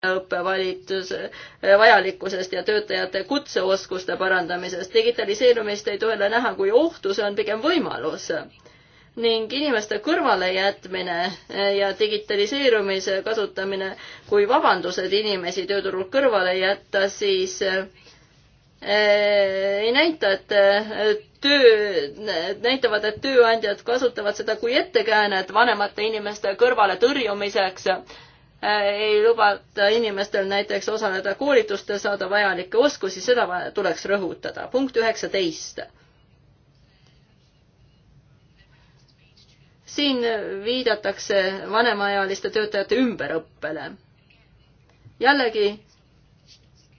õppevalitus äh, vajalikkusest ja töötajate kutseoskuste parandamisest. digitaliseerumist ei tohi näha kui ohtu, see on pigem võimalus. ning inimeste kõrvalejätmine äh, ja digitaliseerumise kasutamine kui vabandused inimesi tööturult kõrvale jätta, siis äh, ei näita, et töö, näitavad, et tööandjad kasutavad seda kui ettekäänet vanemate inimeste kõrvale tõrjumiseks Äh, ei lubata inimestel näiteks osaleda koolitustel, saada vajalikke oskusi, seda tuleks rõhutada. punkt üheksateist. siin viidatakse vanemaealiste töötajate ümberõppele. jällegi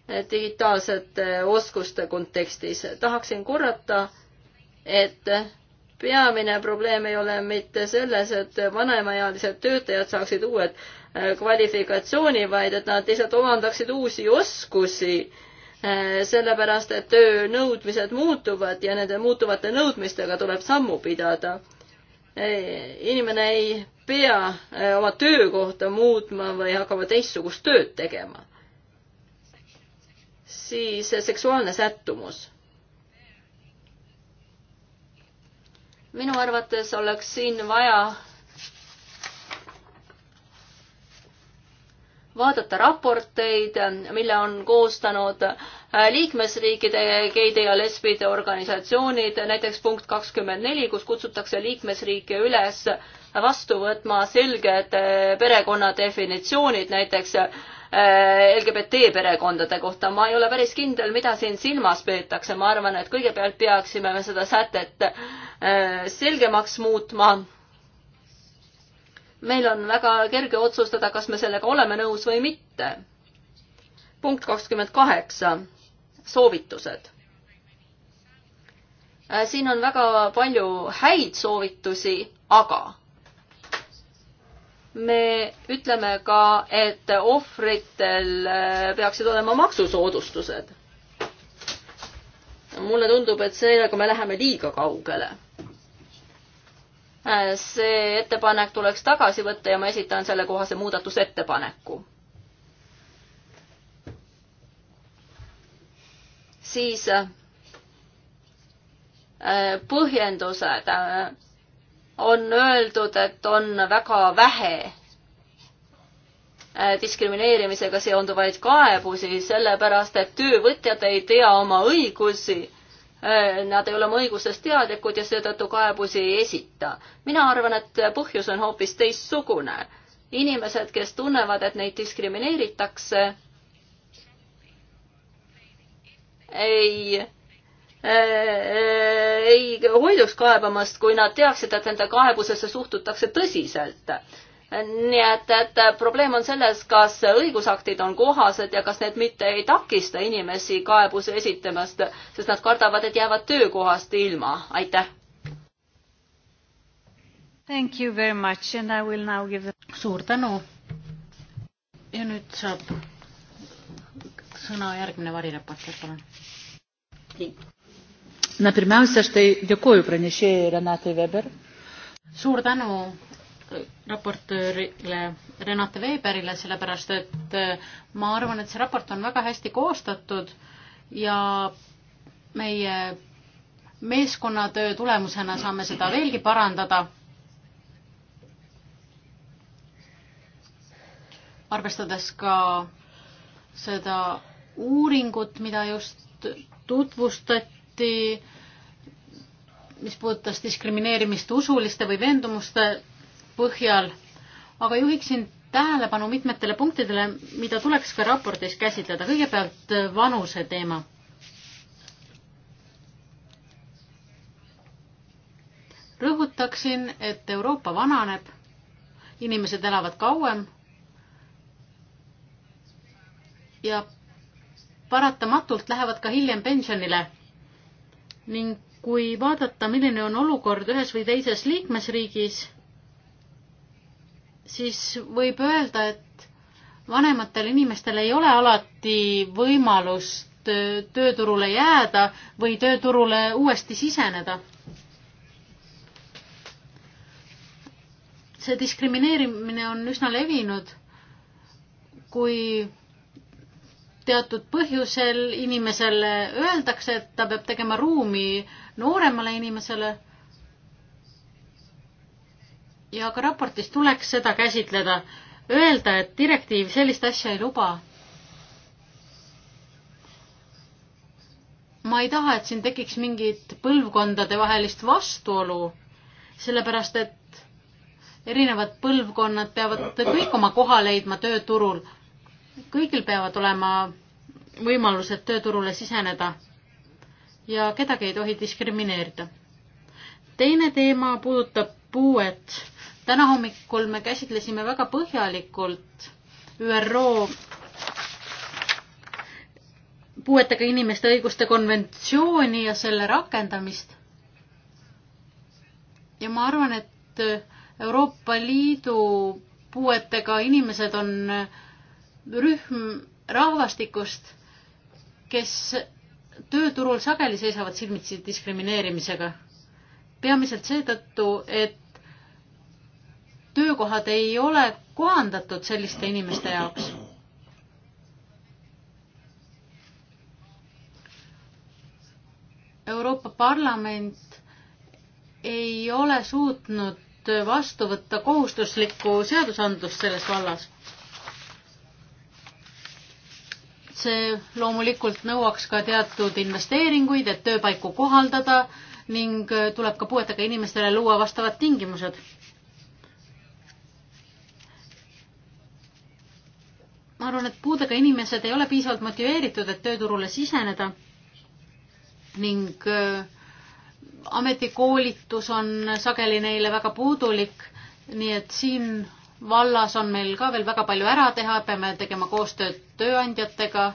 eh, digitaalsete oskuste kontekstis tahaksin korrata, et peamine probleem ei ole mitte selles, et vanemaealised töötajad saaksid uued Äh, kvalifikatsiooni, vaid et nad lihtsalt omandaksid uusi oskusi, äh, sellepärast et töö nõudmised muutuvad ja nende muutuvate nõudmistega tuleb sammu pidada. inimene ei pea äh, oma töökohta muutma või hakkama teistsugust tööd tegema. siis seksuaalne sättumus minu arvates oleks siin vaja vaadata raporteid, mille on koostanud äh, liikmesriikide geide ja lesbide organisatsioonid, näiteks punkt kakskümmend neli, kus kutsutakse liikmesriike üles vastu võtma selged äh, perekonna definitsioonid, näiteks äh, LGBT perekondade kohta. ma ei ole päris kindel, mida siin silmas peetakse, ma arvan, et kõigepealt peaksime me seda sätet selgemaks muutma meil on väga kerge otsustada, kas me sellega oleme nõus või mitte. punkt kakskümmend kaheksa, soovitused. Äh, siin on väga palju häid soovitusi, aga me ütleme ka, et ohvritel äh, peaksid olema maksusoodustused. mulle tundub, et sellega me läheme liiga kaugele Äh, see ettepanek tuleks tagasi võtta ja ma esitan sellekohase muudatusettepaneku. siis äh, põhjendused. Äh, on öeldud, et on väga vähe diskrimineerimisega seonduvaid kaebusi, sellepärast et töövõtjad ei tea oma õigusi Äh, nad ei ole oma õigustest teadlikud ja seetõttu kaebusi ei esita. mina arvan, et põhjus on hoopis teistsugune. inimesed, kes tunnevad, et neid diskrimineeritakse, ei äh, äh, ei hoiduks kaebamast, kui nad teaksid, et nende kaebusesse suhtutakse tõsiselt nii et, et äh, probleem on selles, kas õigusaktid on kohased ja kas need mitte ei takista inimesi kaebuse esitamast, sest nad kardavad, et jäävad töökohast ilma. aitäh! Thank you very much and I will now give the... suur tänu. ja nüüd saab sõna järgmine varireporter, palun. Na pirmiausia, aš tai dėkoju pranešėjai Renatai Weber. Suur tänu raportöörile Renate Veberile, sellepärast et äh, ma arvan, et see raport on väga hästi koostatud ja meie meeskonnatöö tulemusena saame seda veelgi parandada. arvestades ka seda uuringut, mida just tutvustati mis puudutas diskrimineerimist usuliste või veendumuste põhjal, aga juhiksin tähelepanu mitmetele punktidele, mida tuleks ka raportis käsitleda. kõigepealt äh, vanuse teema. rõhutaksin, et Euroopa vananeb, inimesed elavad kauem ja paratamatult lähevad ka hiljem pensionile ning kui vaadata, milline on olukord ühes või teises liikmesriigis, siis võib öelda, et vanematel inimestel ei ole alati võimalust tööturule jääda või tööturule uuesti siseneda. see diskrimineerimine on üsna levinud, kui teatud põhjusel inimesele öeldakse, et ta peab tegema ruumi nooremale inimesele ja ka raportis tuleks seda käsitleda. Öelda, et direktiiv sellist asja ei luba. ma ei taha, et siin tekiks mingit põlvkondade vahelist vastuolu, sellepärast et erinevad põlvkonnad peavad kõik oma koha leidma tööturul. kõigil peavad olema võimalused tööturule siseneda ja kedagi ei tohi diskrimineerida. teine teema puudutab puuet täna hommikul me käsitlesime väga põhjalikult ÜRO puuetega inimeste õiguste konventsiooni ja selle rakendamist. ja ma arvan, et Euroopa Liidu puuetega inimesed on rühm rahvastikust, kes tööturul sageli seisavad silmitsi diskrimineerimisega. peamiselt seetõttu, et töökohad ei ole kohandatud selliste inimeste jaoks. Euroopa Parlament ei ole suutnud vastu võtta kohustuslikku seadusandlust selles vallas. see loomulikult nõuaks ka teatud investeeringuid, et tööpaiku kohaldada ning tuleb ka puuetega inimestele luua vastavad tingimused ma arvan, et puudega inimesed ei ole piisavalt motiveeritud, et tööturule siseneda ning äh, ametikoolitus on sageli neile väga puudulik, nii et siin vallas on meil ka veel väga palju ära teha, peame tegema koostööd tööandjatega,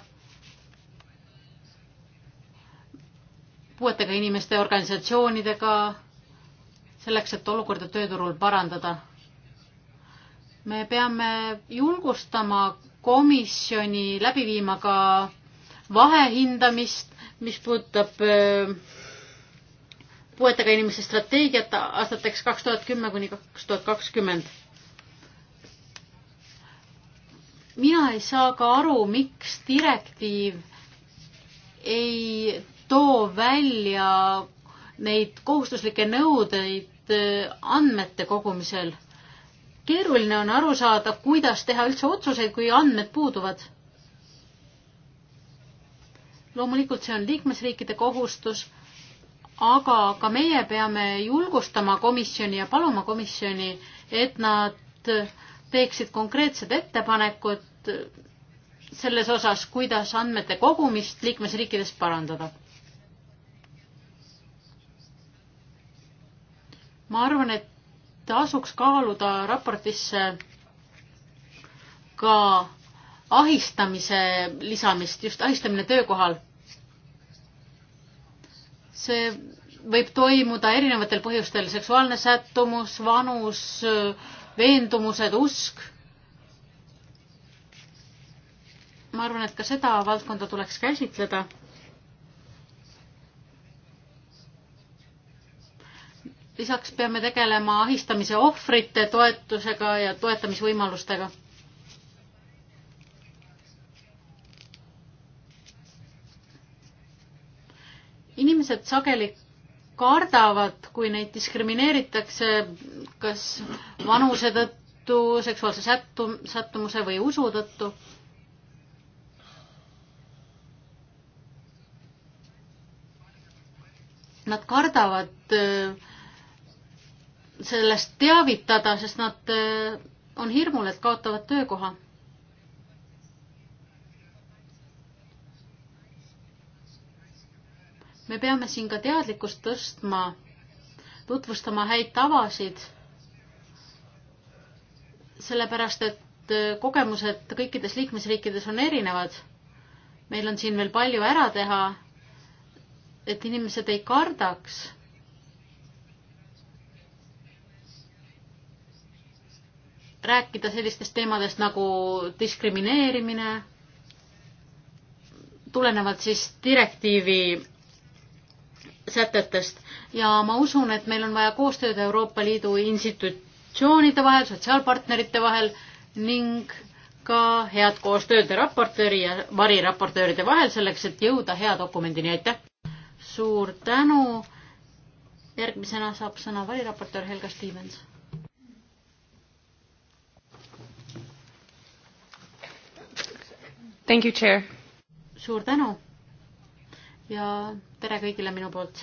puuetega inimeste organisatsioonidega, selleks, et olukorda tööturul parandada. me peame julgustama komisjoni läbi viima ka vahehindamist, mis puudutab äh, puuetega inimeste strateegiat aastateks kaks tuhat kümme kuni kaks tuhat kakskümmend. mina ei saa ka aru, miks direktiiv ei too välja neid kohustuslikke nõudeid äh, andmete kogumisel keeruline on aru saada, kuidas teha üldse otsuseid, kui andmed puuduvad. loomulikult see on liikmesriikide kohustus, aga ka meie peame julgustama komisjoni ja paluma komisjoni, et nad teeksid konkreetsed ettepanekud selles osas, kuidas andmete kogumist liikmesriikides parandada. ma arvan, et tasuks kaaluda raportisse ka ahistamise lisamist, just ahistamine töökohal. see võib toimuda erinevatel põhjustel, seksuaalne sättumus, vanus, veendumused, usk. ma arvan, et ka seda valdkonda tuleks käsitleda lisaks peame tegelema ahistamise ohvrite toetusega ja toetamisvõimalustega. inimesed sageli kardavad, kui neid diskrimineeritakse kas vanuse tõttu, seksuaalse sättu, sättumuse või usu tõttu nad kardavad sellest teavitada, sest nad äh, on hirmul, et kaotavad töökoha. me peame siin ka teadlikkust tõstma, tutvustama häid tavasid, sellepärast et äh, kogemused kõikides liikmesriikides on erinevad. meil on siin veel palju ära teha, et inimesed ei kardaks rääkida sellistest teemadest nagu diskrimineerimine, tulenevalt siis direktiivi sätetest ja ma usun, et meil on vaja koostööd Euroopa Liidu institutsioonide vahel, sotsiaalpartnerite vahel ning ka head koostööd raportööri ja variraportööride vahel selleks, et jõuda hea dokumendini, aitäh! suur tänu! järgmisena saab sõna variraportöör Helga Stevens Thank you, chair. suur tänu ja tere kõigile minu poolt.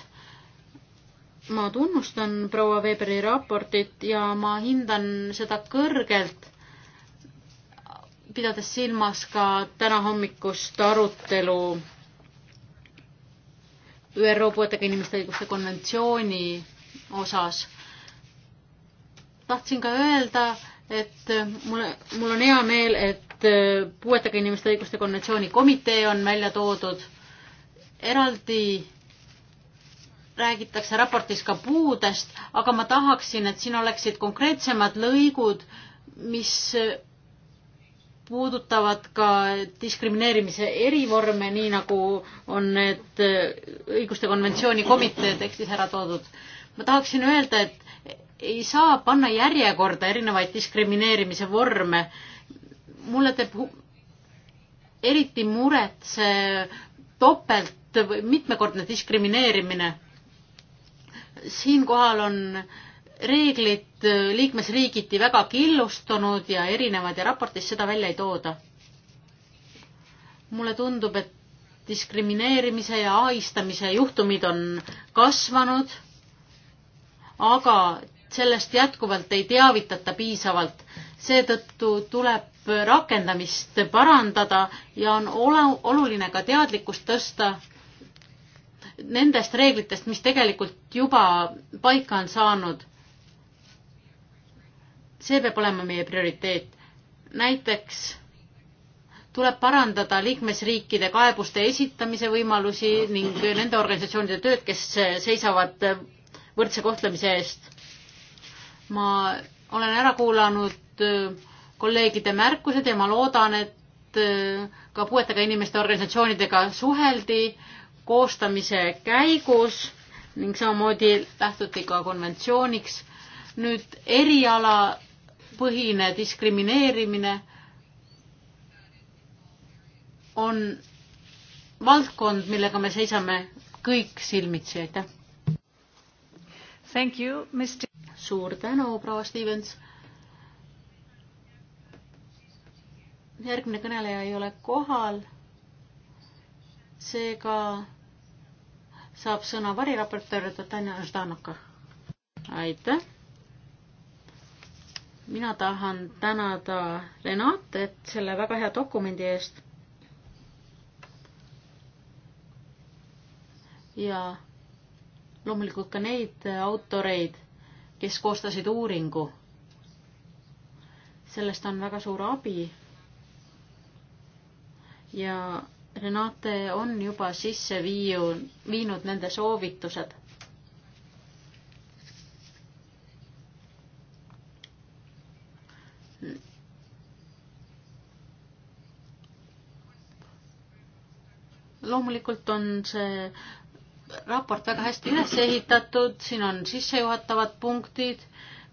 ma tunnustan proua Weberi raportit ja ma hindan seda kõrgelt, pidades silmas ka tänahommikust arutelu ÜRO puuetega inimeste õiguste konventsiooni osas. tahtsin ka öelda, et mulle, mul on hea meel, et et äh, puuetega inimeste õiguste konventsiooni komitee on välja toodud. eraldi räägitakse raportis ka puudest, aga ma tahaksin, et siin oleksid konkreetsemad lõigud, mis puudutavad ka diskrimineerimise erivorme, nii nagu on need äh, õiguste konventsiooni komitee tekstis ära toodud. ma tahaksin öelda, et ei saa panna järjekorda erinevaid diskrimineerimise vorme mulle teeb eriti muret see topelt või mitmekordne diskrimineerimine. siinkohal on reeglid liikmesriigiti väga killustunud ja erinevad ja raportis seda välja ei tooda. mulle tundub, et diskrimineerimise ja ahistamise juhtumid on kasvanud, aga sellest jätkuvalt ei teavitata piisavalt. seetõttu tuleb rakendamist parandada ja on oluline ka teadlikkust tõsta nendest reeglitest, mis tegelikult juba paika on saanud. see peab olema meie prioriteet. näiteks tuleb parandada liikmesriikide kaebuste esitamise võimalusi ning nende organisatsioonide tööd, kes seisavad võrdse kohtlemise eest. ma olen ära kuulanud kolleegide märkused ja ma loodan, et äh, ka puuetega inimeste organisatsioonidega suheldi koostamise käigus ning samamoodi lähtuti ka konventsiooniks. nüüd erialapõhine diskrimineerimine on valdkond, millega me seisame kõik silmitsi, aitäh! suur tänu, proua Stevens! järgmine kõneleja ei ole kohal. seega saab sõna variraportöör Tatjana Ždanoka. aitäh. mina tahan tänada Renatet selle väga hea dokumendi eest. ja loomulikult ka neid autoreid, kes koostasid uuringu. sellest on väga suur abi ja Renate on juba sisse viiu-, viinud nende soovitused. loomulikult on see raport väga hästi üles ehitatud, siin on sissejuhatavad punktid,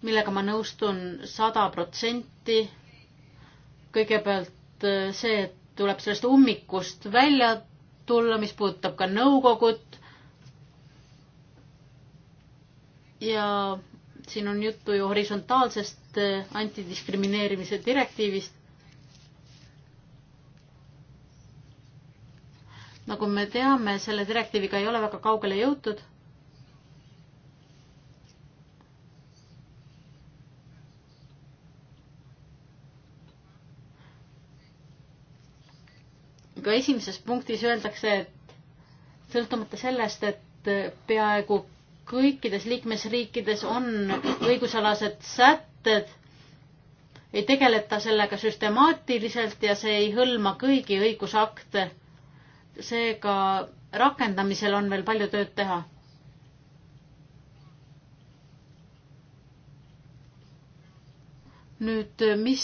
millega ma nõustun sada protsenti. kõigepealt eh, see, et tuleb sellest ummikust välja tulla, mis puudutab ka nõukogut. ja siin on juttu ju horisontaalsest eh, antidiskrimineerimise direktiivist. nagu me teame, selle direktiiviga ei ole väga kaugele jõutud ka esimeses punktis öeldakse, et sõltumata sellest, et peaaegu kõikides liikmesriikides on õigusalased sätted, ei tegeleta sellega süstemaatiliselt ja see ei hõlma kõigi õigusakte. seega rakendamisel on veel palju tööd teha. nüüd, mis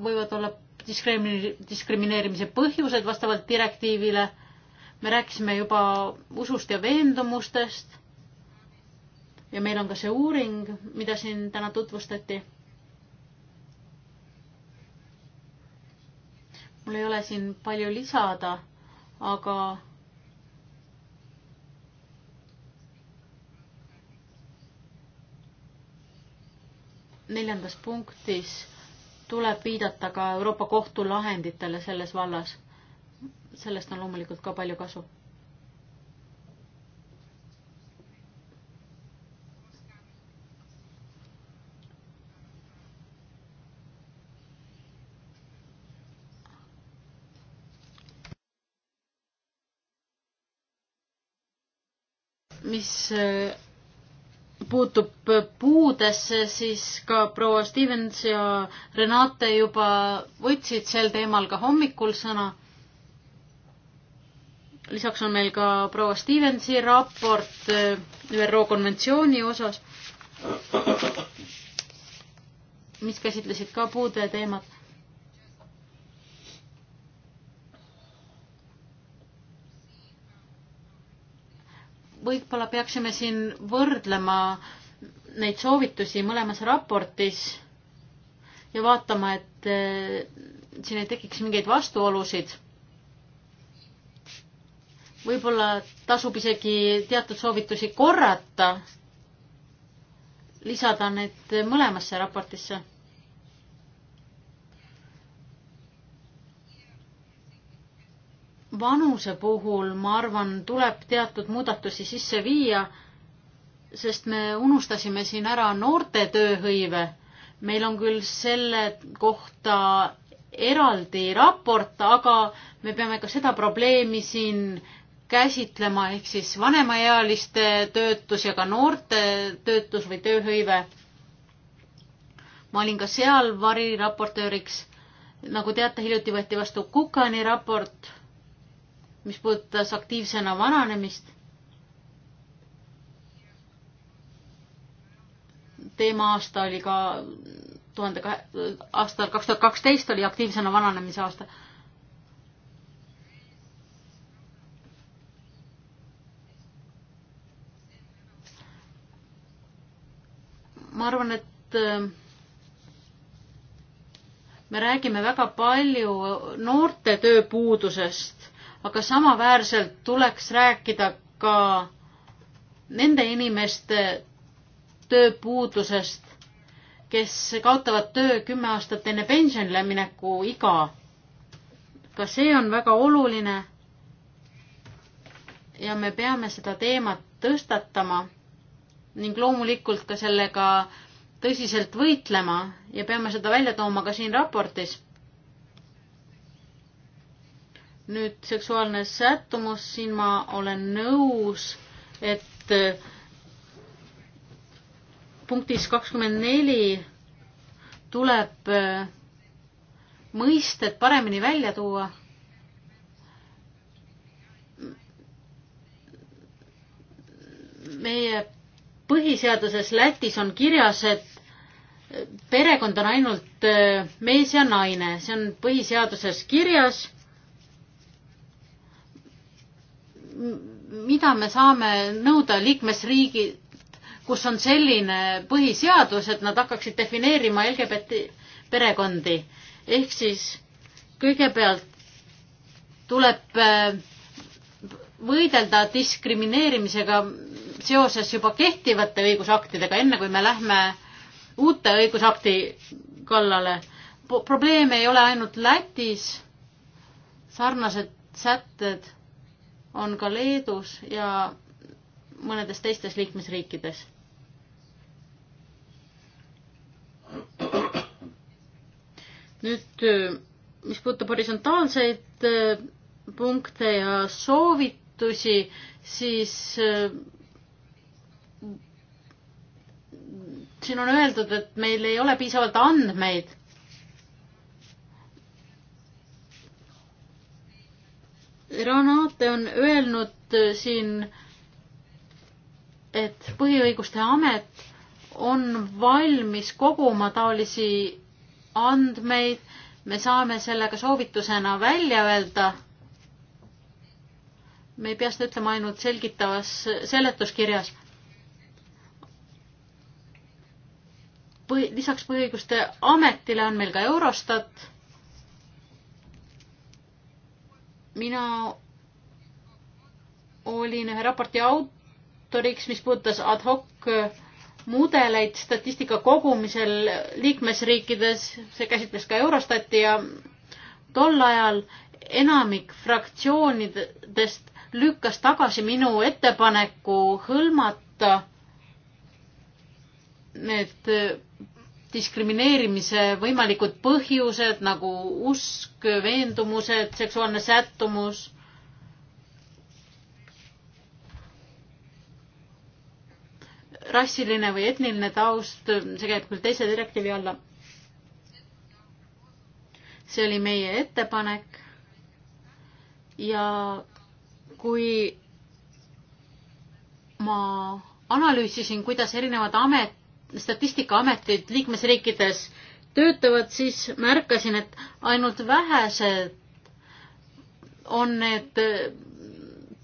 võivad olla diskrimineerimise põhjused vastavalt direktiivile. me rääkisime juba usust ja veendumustest. ja meil on ka see uuring, mida siin täna tutvustati. mul ei ole siin palju lisada, aga neljandas punktis tuleb viidata ka Euroopa Kohtu lahenditele selles vallas. sellest on loomulikult ka palju kasu. mis puutub puudesse, siis ka proua Stevens ja Renate juba võtsid sel teemal ka hommikul sõna. lisaks on meil ka proua Stevensi raport eh, ÜRO konventsiooni osas, mis käsitlesid ka puude teemat võib-olla peaksime siin võrdlema neid soovitusi mõlemas raportis ja vaatama, et eh, siin ei tekiks mingeid vastuolusid. võib-olla tasub isegi teatud soovitusi korrata, lisada need mõlemasse raportisse vanuse puhul, ma arvan, tuleb teatud muudatusi sisse viia, sest me unustasime siin ära noorte tööhõive. meil on küll selle kohta eraldi raport, aga me peame ka seda probleemi siin käsitlema, ehk siis vanemaealiste töötus ja ka noorte töötus või tööhõive. ma olin ka seal variraportööriks. nagu teate, hiljuti võeti vastu Kukani raport mis puudutas aktiivsena vananemist. teema aasta oli ka tuhande kahe, aastal kaks tuhat kaksteist oli aktiivsena vananemise aasta ma arvan, et äh, me räägime väga palju noorte tööpuudusest aga samaväärselt tuleks rääkida ka nende inimeste tööpuudusest, kes kaotavad töö kümme aastat enne pensionile mineku iga. ka see on väga oluline. ja me peame seda teemat tõstatama ning loomulikult ka sellega tõsiselt võitlema ja peame seda välja tooma ka siin raportis nüüd seksuaalne sättumus, siin ma olen nõus, et äh, punktis kakskümmend neli tuleb äh, mõisted paremini välja tuua. meie põhiseaduses Lätis on kirjas, et äh, perekond on ainult mees ja naine, see on põhiseaduses kirjas mida me saame nõuda liikmesriigilt, kus on selline põhiseadus, et nad hakkaksid defineerima LGBT perekondi. ehk siis kõigepealt tuleb äh, võidelda diskrimineerimisega seoses juba kehtivate õigusaktidega, enne kui me lähme uute õigusakti kallale. probleem ei ole ainult Lätis, sarnased sätted on ka Leedus ja mõnedes teistes liikmesriikides. nüüd, mis puudutab horisontaalseid äh, punkte ja soovitusi, siis äh, siin on öeldud, et meil ei ole piisavalt andmeid Renate on öelnud äh, siin, et põhiõiguste amet on valmis koguma taolisi andmeid, me saame selle ka soovitusena välja öelda. me ei pea seda ütlema ainult selgitavas seletuskirjas. või lisaks põhiõiguste ametile on meil ka Eurostat mina olin ühe raporti autoriks, mis puudutas ad hoc äh, mudeleid statistika kogumisel liikmesriikides, see käsitles ka Eurostati ja tol ajal enamik fraktsioonidest lükkas tagasi minu ettepaneku hõlmata need äh, diskrimineerimise võimalikud põhjused nagu usk, veendumused, seksuaalne sättumus. rassiline või etniline taust, see käib küll teise direktiivi alla. see oli meie ettepanek. ja kui ma analüüsisin, kuidas erinevad amet statistikaametid liikmesriikides töötavad, siis märkasin, et ainult vähesed on need äh,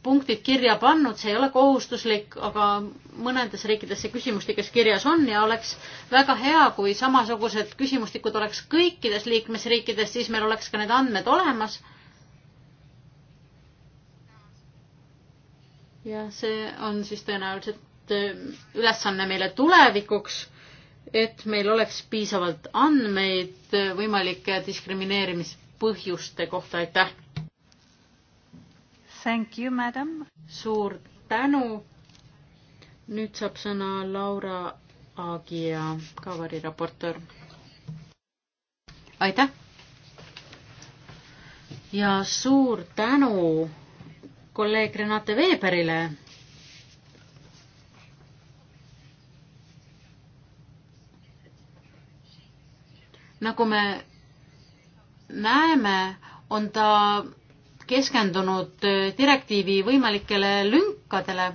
punktid kirja pannud, see ei ole kohustuslik, aga mõnedes riikides see küsimustikes kirjas on ja oleks väga hea, kui samasugused küsimustikud oleks kõikides liikmesriikides, siis meil oleks ka need andmed olemas. ja see on siis tõenäoliselt Äh, ülesanne meile tulevikuks, et meil oleks piisavalt andmeid äh, võimalike diskrimineerimispõhjuste kohta, aitäh! Thank you, madam! suur tänu! nüüd saab sõna Laura Aagia, ka variraportöör. aitäh! ja suur tänu kolleeg Renate Veeberile nagu me näeme, on ta keskendunud direktiivi võimalikele lünkadele.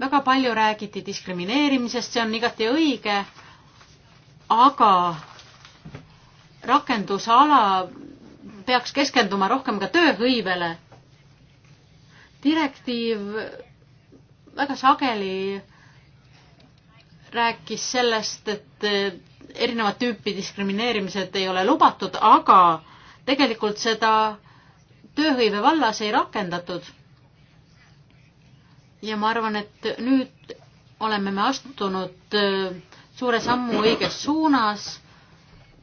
väga palju räägiti diskrimineerimisest, see on igati õige, aga rakendusala peaks keskenduma rohkem ka tööhõivele. direktiiv väga sageli rääkis sellest, et erinevat tüüpi diskrimineerimised ei ole lubatud, aga tegelikult seda tööhõive vallas ei rakendatud. ja ma arvan, et nüüd oleme me astunud äh, suure sammu õiges suunas.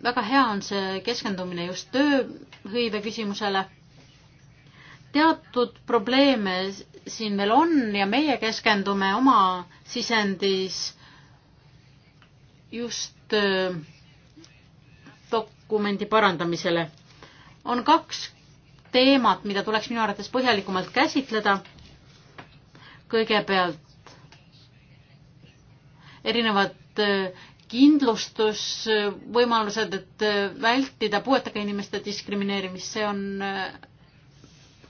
väga hea on see keskendumine just tööhõive küsimusele. teatud probleeme siin veel on ja meie keskendume oma sisendis just Äh, dokumendi parandamisele. on kaks teemat, mida tuleks minu arvates põhjalikumalt käsitleda. kõigepealt erinevad äh, kindlustusvõimalused, et äh, vältida puuetega inimeste diskrimineerimist, see on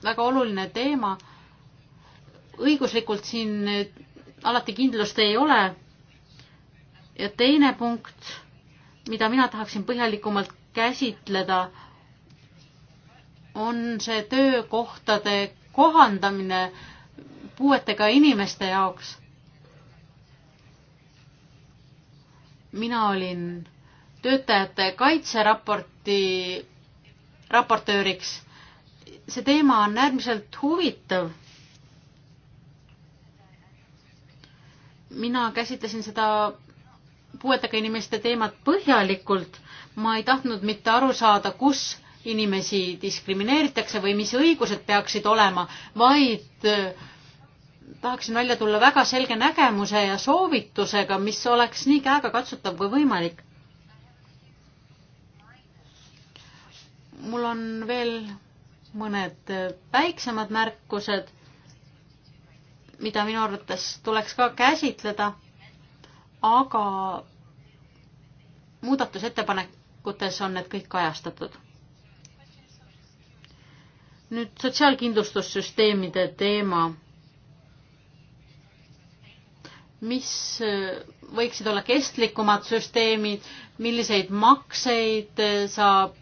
väga oluline teema. õiguslikult siin alati kindlust ei ole ja teine punkt, mida mina tahaksin põhjalikumalt käsitleda, on see töökohtade kohandamine puuetega inimeste jaoks. mina olin töötajate kaitseraporti raportööriks. see teema on äärmiselt huvitav. mina käsitlesin seda puuetega inimeste teemat põhjalikult. ma ei tahtnud mitte aru saada, kus inimesi diskrimineeritakse või mis õigused peaksid olema, vaid äh, tahaksin välja tulla väga selge nägemuse ja soovitusega, mis oleks nii käegakatsutav kui võimalik. mul on veel mõned väiksemad äh, märkused, mida minu arvates tuleks ka käsitleda aga muudatusettepanekutes on need kõik kajastatud nüüd sotsiaalkindlustussüsteemide teema. mis võiksid olla kestlikumad süsteemid, milliseid makseid saab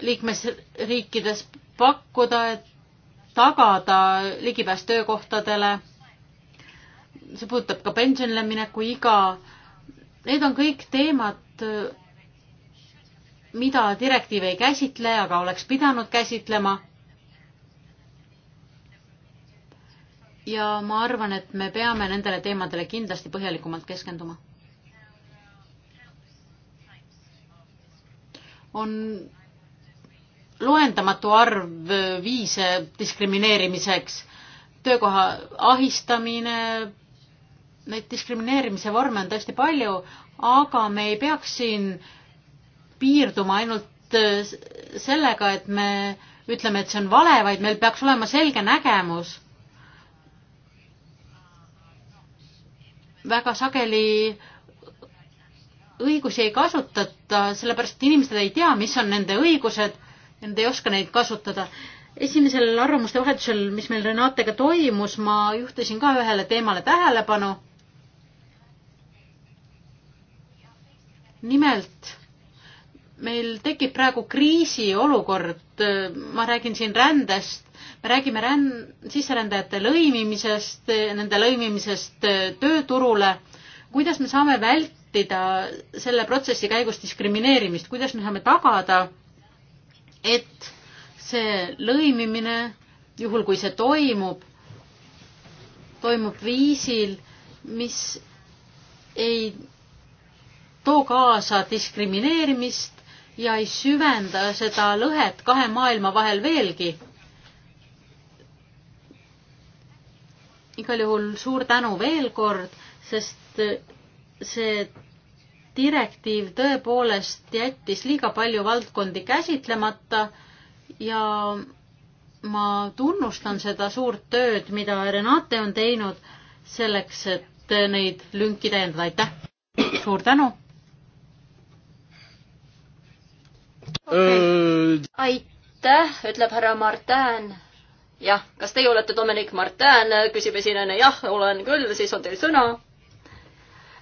liikmesriikides pakkuda, et tagada ligipääs töökohtadele see puudutab ka pensionile mineku iga. Need on kõik teemad, mida direktiiv ei käsitle, aga oleks pidanud käsitlema. ja ma arvan, et me peame nendele teemadele kindlasti põhjalikumalt keskenduma. on loendamatu arv viise diskrimineerimiseks, töökoha ahistamine, neid diskrimineerimise vorme on tõesti palju, aga me ei peaks siin piirduma ainult äh, sellega, et me ütleme, et see on vale, vaid meil peaks olema selge nägemus. väga sageli õigusi ei kasutata, sellepärast et inimesed ei tea, mis on nende õigused ja nad ei oska neid kasutada esimesel arvamuste vahetusel, mis meil Renatega toimus, ma juhtisin ka ühele teemale tähelepanu nimelt meil tekib praegu kriisiolukord, ma räägin siin rändest, me räägime ränn-, sisserändajate lõimimisest, nende lõimimisest tööturule, kuidas me saame vältida selle protsessi käigus diskrimineerimist, kuidas me saame tagada, et see lõimimine, juhul kui see toimub, toimub viisil, mis ei too kaasa diskrimineerimist ja ei süvenda seda lõhet kahe maailma vahel veelgi. igal juhul suur tänu veel kord, sest see direktiiv tõepoolest jättis liiga palju valdkondi käsitlemata ja ma tunnustan seda suurt tööd, mida Renate on teinud selleks, et neid lünki täiendada, aitäh! suur tänu! okay.. Äh, aitäh, ütleb härra Martin. jah, kas teie olete Dominic Martin, küsib esinejana. jah, olen küll, siis on teil sõna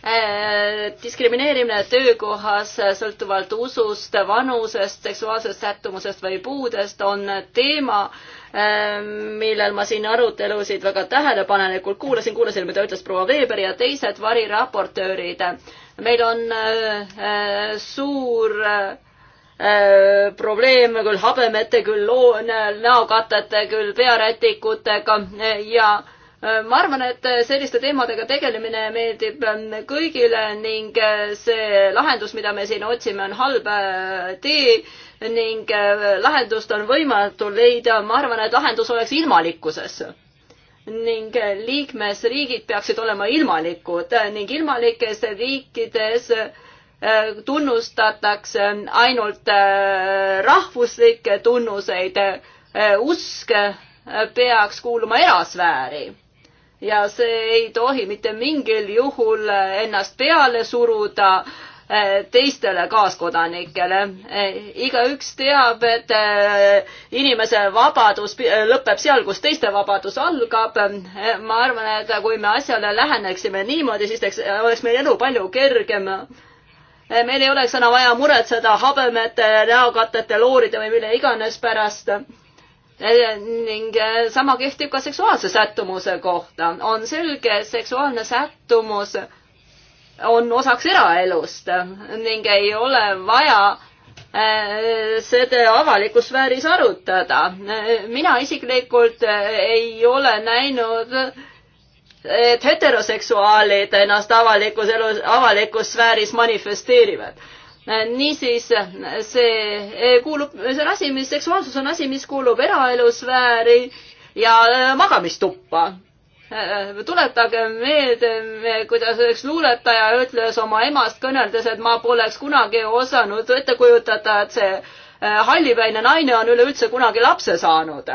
äh, diskrimineerimine töökohas sõltuvalt usust, vanusest, seksuaalsest sättumusest või puudest on teema, äh, millel ma siin arutelusid väga tähelepanelikult kuulasin, kuulasin, mida ütles proua Veber ja teised variraportöörid. meil on suur Äh, probleeme küll habemete, küll loo-, näokatete, küll pearätikutega ja äh, ma arvan, et äh, selliste teemadega tegelemine meeldib ähm, kõigile ning see lahendus, mida me siin otsime, on halb tee ning lahendust on võimatu leida. ma arvan, et lahendus oleks ilmalikkuses ning liikmesriigid peaksid olema ilmalikud ning ilmalikes riikides äh, Äh, tunnustatakse ainult äh, rahvuslikke tunnuseid, äh, usk peaks kuuluma erasfääri. ja see ei tohi mitte mingil juhul ennast peale suruda teistele kaaskodanikele. igaüks teab, et inimese vabadus lõpeb seal, kus teiste vabadus algab. ma arvan, et kui me asjale läheneksime niimoodi, siis oleks meil elu palju kergem Eh, meil ei oleks enam vaja muretseda habemete, näokatete, looride või mille iganes pärast. Eh, ning eh, sama kehtib ka seksuaalse sättumuse kohta. on selge, seksuaalne sättumus on osaks eraelust ning ei ole vaja seda avalikus sfääris arutada. mina isiklikult ei ole näinud äh, et heteroseksuaalid ennast avalikus elus, avalikus sfääris manifesteerivad. niisiis, see eh, kuulub, see on asi, mis, seksuaalsus on asi, mis kuulub eraelusfääri ja eh, magamistuppa. Eh, tuletage meelde, kuidas üks luuletaja ütles oma emast kõneldes, et ma poleks kunagi osanud ette kujutada, et see hallipäine naine on üleüldse kunagi lapse saanud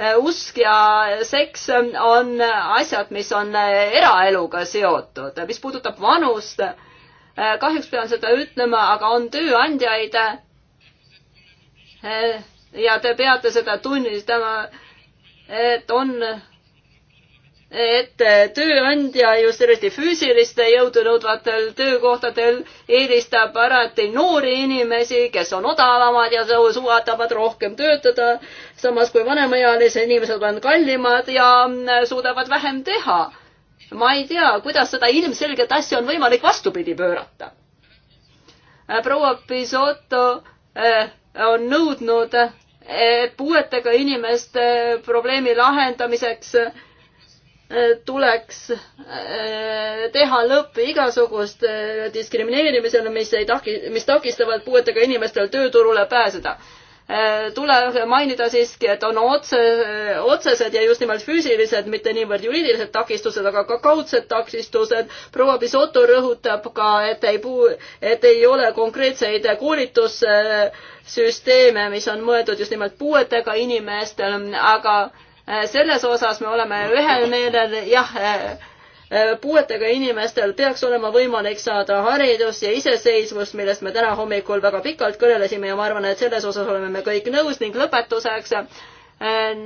Äh, usk ja seks on asjad, mis on äh, eraeluga seotud. mis puudutab vanust, äh, kahjuks pean seda ütlema, aga on tööandjaid. ja te peate seda tunnistama, et on et tööandja just eriti füüsiliste jõudu nõudvatel töökohtadel eelistab alati noori inimesi, kes on odavamad ja suudavad rohkem töötada, samas kui vanemaealised inimesed on kallimad ja suudavad vähem teha. ma ei tea, kuidas seda ilmselget asja on võimalik vastupidi pöörata. proua Pisoto eh, on nõudnud eh, puuetega inimeste probleemi lahendamiseks tuleks äh, teha lõpp igasugustele diskrimineerimisele, mis ei taki-, mis takistavad puuetega inimestel tööturule pääseda. Äh, tuleb mainida siiski, et on otse, otsesed ja just nimelt füüsilised, mitte niivõrd juriidilised takistused, aga ka kaudsed takistused. proua Pisoto rõhutab ka, et ei puu-, et ei ole konkreetseid koolitussüsteeme, mis on mõeldud just nimelt puuetega inimestele, aga Äh, selles osas me oleme ühel meelel, jah, äh, äh, puuetega inimestel peaks olema võimalik saada haridus ja iseseisvust, millest me täna hommikul väga pikalt kõnelesime ja ma arvan, et selles osas oleme me kõik nõus ning lõpetuseks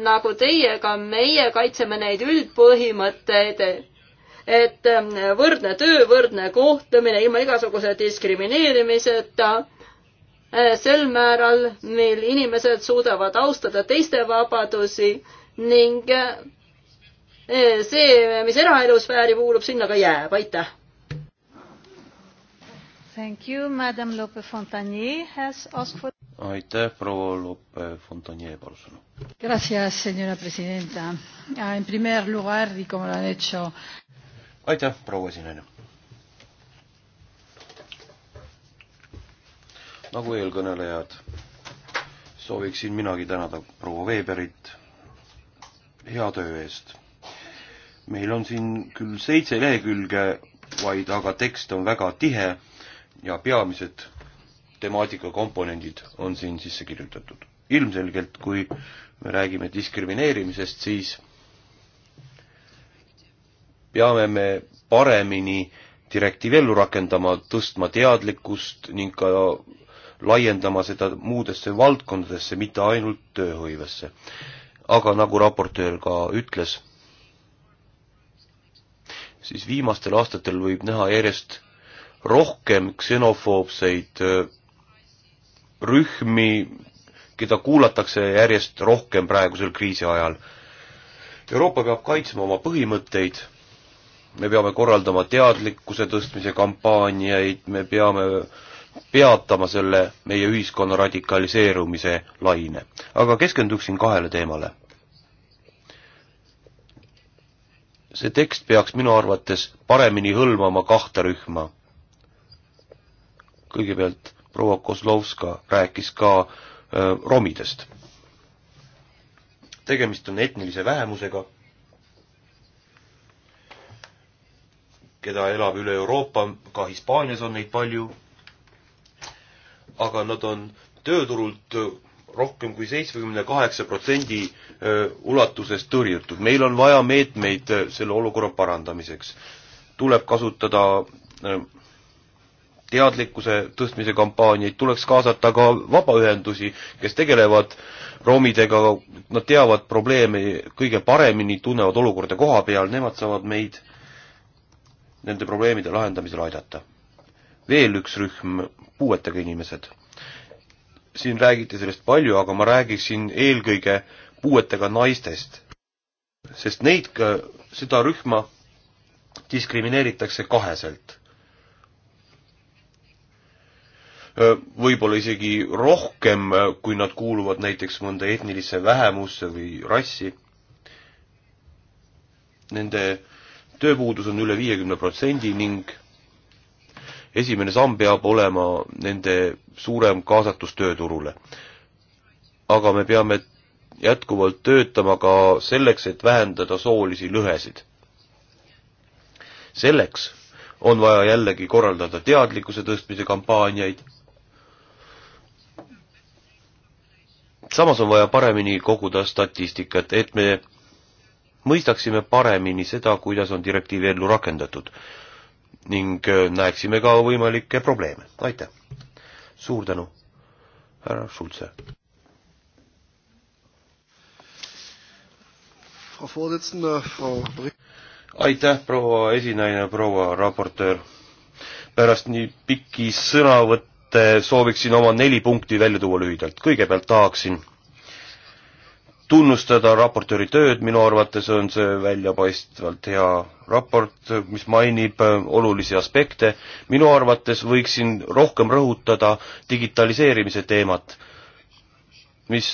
nagu teiega, meie kaitseme neid üldpõhimõtteid, et võrdne töö, võrdne kohtlemine ilma igasuguse diskrimineerimiseta sel määral, mil inimesed suudavad austada teiste vabadusi ning eh, see, mis eraelusfääri kuulub, sinna ka jääb, aitäh. Thank you, madam Lope Fontanier has asked for. aitäh, proua Lope Fontanier, palun sõna. Gracias, senora presidenta. Ah, en primer lugar y como lo han hecho. aitäh, proua esinaine. nagu eelkõnelejad, sooviksin minagi tänada proua Veberit hea töö eest. meil on siin küll seitse lehekülge vaid, aga tekst on väga tihe ja peamised temaatika komponendid on siin sisse kirjutatud. ilmselgelt, kui me räägime diskrimineerimisest, siis peame me paremini direktiivi ellu rakendama, tõstma teadlikkust ning ka laiendama seda muudesse valdkondadesse, mitte ainult tööhõivesse aga nagu raportöör ka ütles, siis viimastel aastatel võib näha järjest rohkem ksenofoobseid äh, rühmi, keda kuulatakse järjest rohkem praegusel kriisi ajal. Euroopa peab kaitsma oma põhimõtteid, me peame korraldama teadlikkuse tõstmise kampaaniaid, me peame äh, peatama selle meie ühiskonna radikaliseerumise laine. aga keskenduksin kahele teemale. see tekst peaks minu arvates paremini hõlmama kahte rühma. kõigepealt proua Kozlovska rääkis ka öö, romidest. tegemist on etnilise vähemusega, keda elab üle Euroopa, ka Hispaanias on neid palju aga nad on tööturult rohkem kui seitsmekümne kaheksa protsendi ulatuses tõrjutud. meil on vaja meetmeid selle olukorra parandamiseks. tuleb kasutada teadlikkuse tõstmise kampaaniaid, tuleks kaasata ka vabaühendusi, kes tegelevad romidega, nad teavad probleeme kõige paremini, tunnevad olukorda koha peal, nemad saavad meid nende probleemide lahendamisel aidata veel üks rühm, puuetega inimesed. siin räägiti sellest palju, aga ma räägiksin eelkõige puuetega naistest, sest neid, seda rühma diskrimineeritakse kaheselt. võib-olla isegi rohkem, kui nad kuuluvad näiteks mõnda etnilisse vähemusse või rassi. Nende tööpuudus on üle viiekümne protsendi ning esimene samm peab olema nende suurem kaasatus tööturule. aga me peame jätkuvalt töötama ka selleks, et vähendada soolisi lõhesid. selleks on vaja jällegi korraldada teadlikkuse tõstmise kampaaniaid, samas on vaja paremini koguda statistikat, et me mõistaksime paremini seda, kuidas on direktiivi ellu rakendatud ning äh, näeksime ka võimalikke probleeme. aitäh! suur tänu, härra Schulze! aitäh, proua esinaine, proua raportöör! pärast nii pikki sõnavõtte sooviksin oma neli punkti välja tuua lühidalt. kõigepealt tahaksin tunnustada raportööri tööd, minu arvates on see väljapaistvalt hea raport, mis mainib äh, olulisi aspekte. minu arvates võiksin rohkem rõhutada digitaliseerimise teemat, mis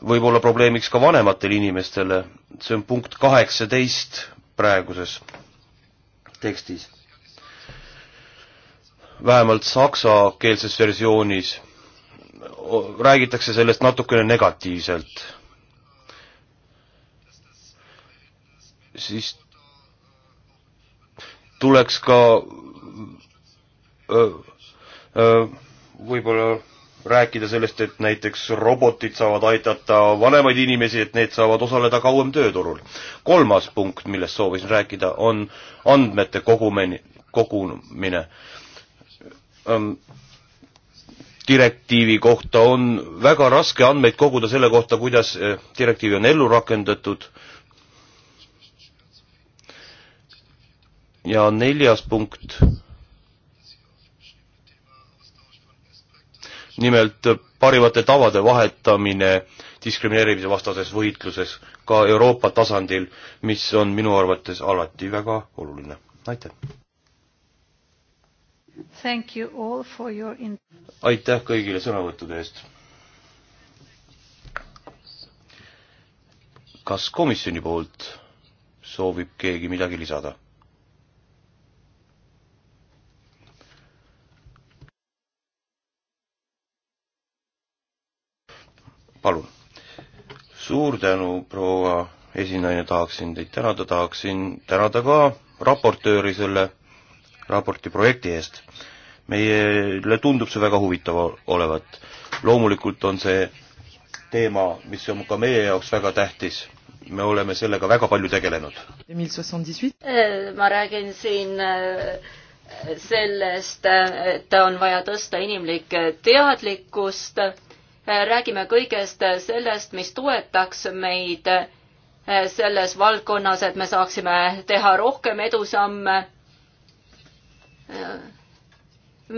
võib olla probleemiks ka vanematele inimestele. see on punkt kaheksateist praeguses tekstis. vähemalt saksakeelses versioonis räägitakse sellest natukene negatiivselt siis tuleks ka võib-olla rääkida sellest, et näiteks robotid saavad aidata vanemaid inimesi, et need saavad osaleda kauem tööturul. kolmas punkt, millest soovisin rääkida, on andmete kogumeni, kogumine. direktiivi kohta on väga raske andmeid koguda selle kohta, kuidas direktiivi on ellu rakendatud ja neljas punkt. nimelt parimate tavade vahetamine diskrimineerimise vastases võitluses ka Euroopa tasandil, mis on minu arvates alati väga oluline. aitäh! Your... aitäh kõigile sõnavõttude eest! kas komisjoni poolt soovib keegi midagi lisada? palun. suur tänu, proua esinaine, tahaksin teid tänada, tahaksin tänada ka raportööri selle raporti projekti eest. meile tundub see väga huvitav olevat. loomulikult on see teema, mis on ka meie jaoks väga tähtis me oleme sellega väga palju tegelenud. ma räägin siin äh, sellest, äh, et on vaja tõsta inimlik teadlikkust Äh, räägime kõigest sellest, mis toetaks meid äh, selles valdkonnas, et me saaksime teha rohkem edusamme. Äh,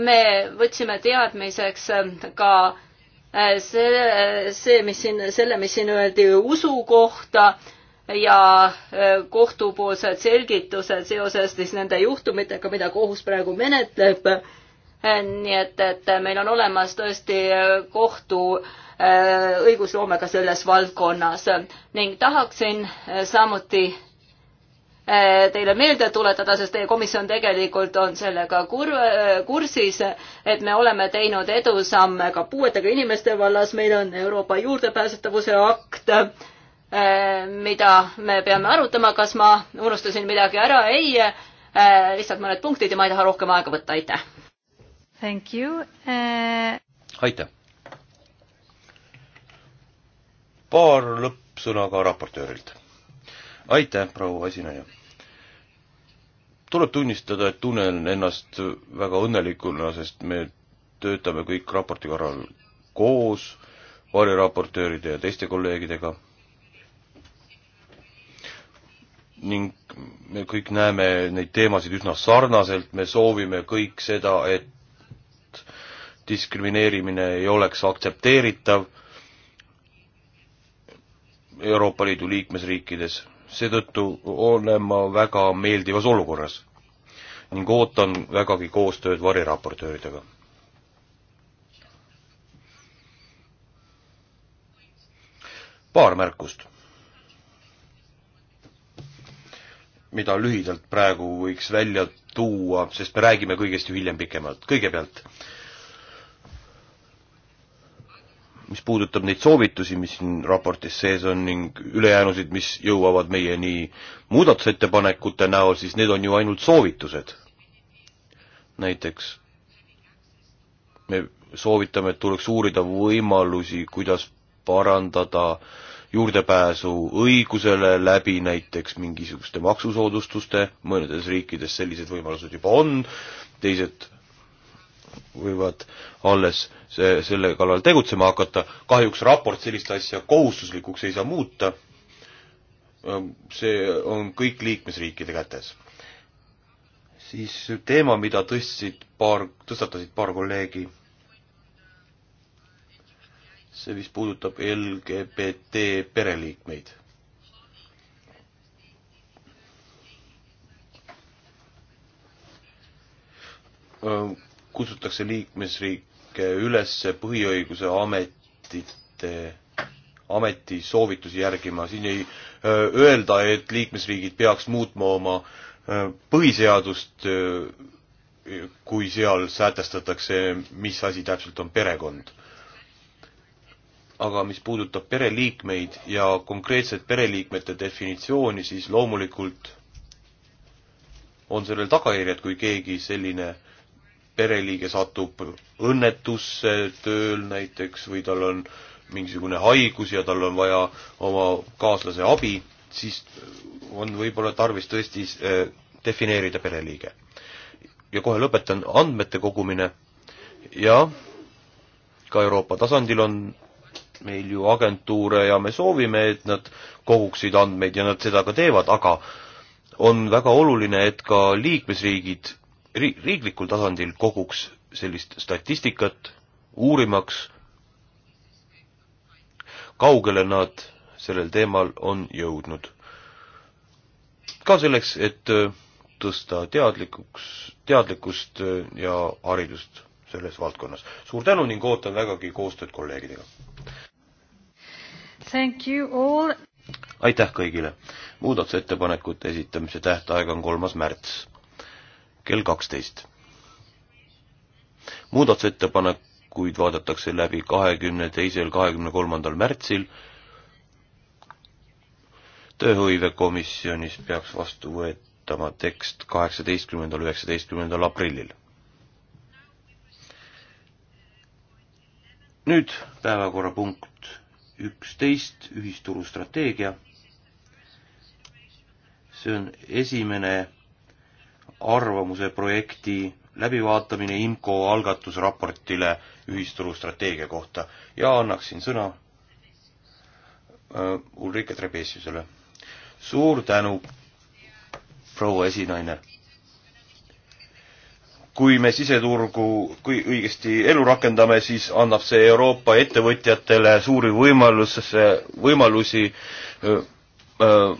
me võtsime teadmiseks ka see, see, mis siin, selle, mis siin öeldi usu kohta ja kohtupoolsed selgitused seoses siis nende juhtumitega, mida kohus praegu menetleb nii et, et meil on olemas tõesti kohtu äh, õigusloomega selles valdkonnas ning tahaksin äh, samuti äh, teile meelde tuletada, sest teie komisjon tegelikult on sellega kur-, kursis, et me oleme teinud edusamme ka puuetega inimeste vallas, meil on Euroopa juurdepääsetavuse akt, mida me peame arutama, kas ma unustasin midagi ära, ei, lihtsalt mõned punktid ja ma ei taha rohkem aega võtta, aitäh! Thank you uh.... aitäh. paar lõppsõna ka raportöörilt. aitäh, proua esineja. tuleb tunnistada, et tunnen ennast väga õnnelikuna, sest me töötame kõik raporti korral koos variraportööride ja teiste kolleegidega. ning me kõik näeme neid teemasid üsna sarnaselt, me soovime kõik seda, et diskrimineerimine ei oleks aktsepteeritav Euroopa Liidu liikmesriikides. seetõttu olen ma väga meeldivas olukorras ning ootan vägagi koostööd variraportööridega. paar märkust, mida lühidalt praegu võiks välja tuua, sest me räägime kõigest ju hiljem pikemalt. kõigepealt äh, mis puudutab neid soovitusi, mis siin raportis sees on ning ülejäänusid, mis jõuavad meieni muudatusettepanekute näol, siis need on ju ainult soovitused. näiteks me soovitame, et tuleks uurida võimalusi, kuidas parandada juurdepääsu õigusele läbi näiteks mingisuguste maksusoodustuste, mõnedes riikides sellised võimalused juba on, teised võivad alles see, selle kallal tegutsema hakata. kahjuks raport sellist asja kohustuslikuks ei saa muuta. Ehm, see on kõik liikmesriikide kätes. siis teema, mida tõstsid paar, tõstatasid paar kolleegi. see, mis puudutab LGBT pereliikmeid. Um, kutsutakse liikmesriike üles põhiõiguse ametite, ameti soovitusi järgima, siin ei öelda, et liikmesriigid peaks muutma oma põhiseadust, kui seal sätestatakse, mis asi täpselt on perekond. aga mis puudutab pereliikmeid ja konkreetset pereliikmete definitsiooni, siis loomulikult on sellel tagajärjed, kui keegi selline pereliige satub õnnetusse tööl näiteks või tal on mingisugune haigus ja tal on vaja oma kaaslase abi, siis on võib-olla tarvis tõesti eh, defineerida pereliige. ja kohe lõpetan, andmete kogumine. jah, ka Euroopa tasandil on meil ju agentuure ja me soovime, et nad koguksid andmeid ja nad seda ka teevad, aga on väga oluline, et ka liikmesriigid ri-, riiklikul tasandil koguks sellist statistikat, uurimaks, kaugele nad sellel teemal on jõudnud. ka selleks, et äh, tõsta teadlikuks, teadlikkust äh, ja haridust selles valdkonnas. suur tänu ning ootan vägagi koostööd kolleegidega. Thank you all. aitäh kõigile. muudatusettepanekute esitamise tähtaeg on kolmas märts kell kaksteist. muudatusettepanekuid vaadatakse läbi kahekümne teisel, kahekümne kolmandal märtsil. tööhõivekomisjonis peaks vastu võetama tekst kaheksateistkümnendal, üheksateistkümnendal aprillil. nüüd päevakorrapunkt üksteist, ühisturustrateegia. see on esimene arvamuse projekti läbivaatamine IMCO algatusraportile ühisturustrateegia kohta ja annaksin sõna uh, Ulrike Trebesiusele. suur tänu, proua esinaine! kui me siseturgu kui õigesti elu rakendame, siis annab see Euroopa ettevõtjatele suuri võimalus, võimalusi öö, uh, äh, öö, uh, äh,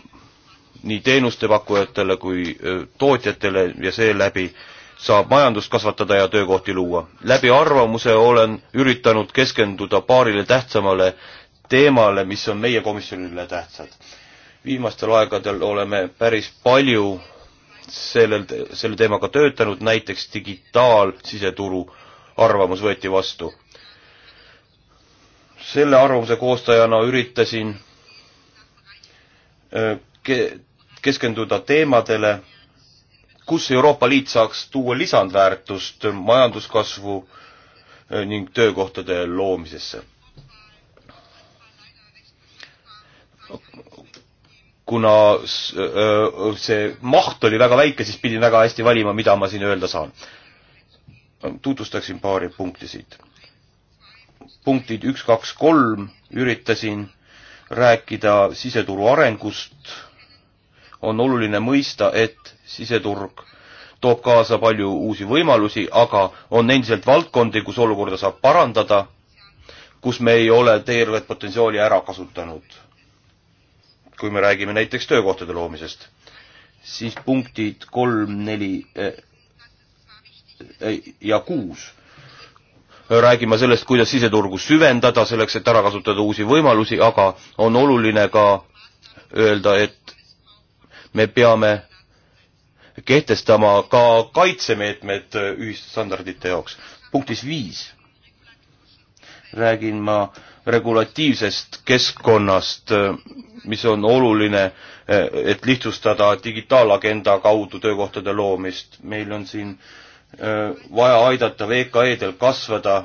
nii teenustepakkujatele kui tootjatele ja seeläbi saab majandust kasvatada ja töökohti luua. läbi arvamuse olen üritanud keskenduda paarile tähtsamale teemale, mis on meie komisjonile tähtsad. viimastel aegadel oleme päris palju sellel, selle teemaga töötanud, näiteks digitaalsiseturu arvamus võeti vastu. selle arvamuse koostajana üritasin ke-, keskenduda teemadele, kus Euroopa Liit saaks tuua lisandväärtust majanduskasvu eh, ning töökohtade loomisesse. kuna eh, see maht oli väga väike, siis pidin väga hästi valima, mida ma siin öelda saan. tutvustaksin paari punkti siit. punktid üks, kaks, kolm üritasin rääkida siseturu arengust on oluline mõista, et siseturg toob kaasa palju uusi võimalusi, aga on endiselt valdkondi, kus olukorda saab parandada, kus me ei ole tervet potentsiaali ära kasutanud. kui me räägime näiteks töökohtade loomisest, siis punktid kolm, neli eh, eh, ja kuus räägime sellest, kuidas siseturgu süvendada selleks, et ära kasutada uusi võimalusi, aga on oluline ka öelda, et me peame kehtestama ka kaitsemeetmed ühisstandardite jaoks. punktis viis räägin ma regulatiivsest keskkonnast, mis on oluline, et lihtsustada digitaalagenda kaudu töökohtade loomist. meil on siin vaja aidata VKE-del kasvada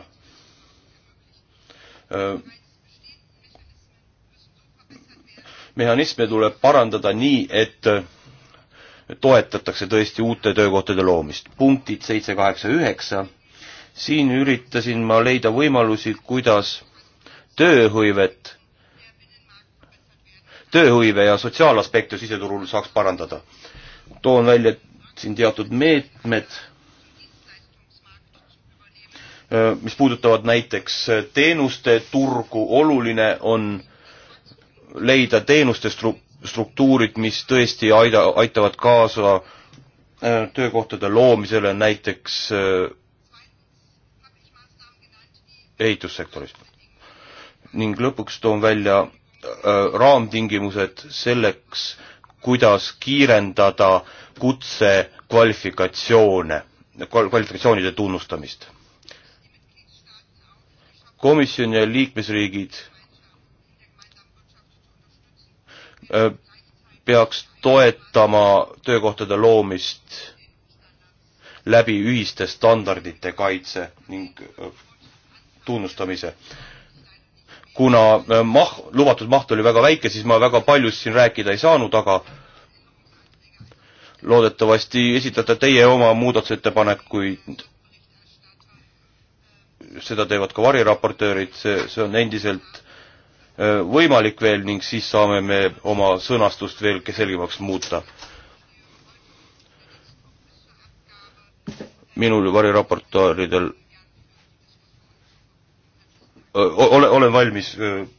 mehhanisme tuleb parandada nii, et toetatakse tõesti uute töökohtade loomist. punktid seitse, kaheksa, üheksa, siin üritasin ma leida võimalusi, kuidas tööhõivet, tööhõive ja sotsiaalaspekte siseturul saaks parandada. toon välja siin teatud meetmed, mis puudutavad näiteks teenuste turgu, oluline on äh, leida teenuste stru-, struktuurid, mis tõesti aida-, aitavad kaasa äh, töökohtade loomisele näiteks äh, ehitussektoris. ning lõpuks toon välja äh, raamtingimused selleks, kuidas kiirendada kutse kvalifikatsioone, kvalifikatsioonide tunnustamist. komisjon ja liikmesriigid peaks toetama töökohtade loomist läbi ühiste standardite kaitse ning tunnustamise. kuna mah-, lubatud maht oli väga väike, siis ma väga paljust siin rääkida ei saanud, aga loodetavasti esitate teie oma muudatusettepanekuid. seda teevad ka variraportöörid, see, see on endiselt Äh, võimalik veel ning siis saame me oma sõnastust veel selgemaks muuta. minul variraportööridel ole, olen valmis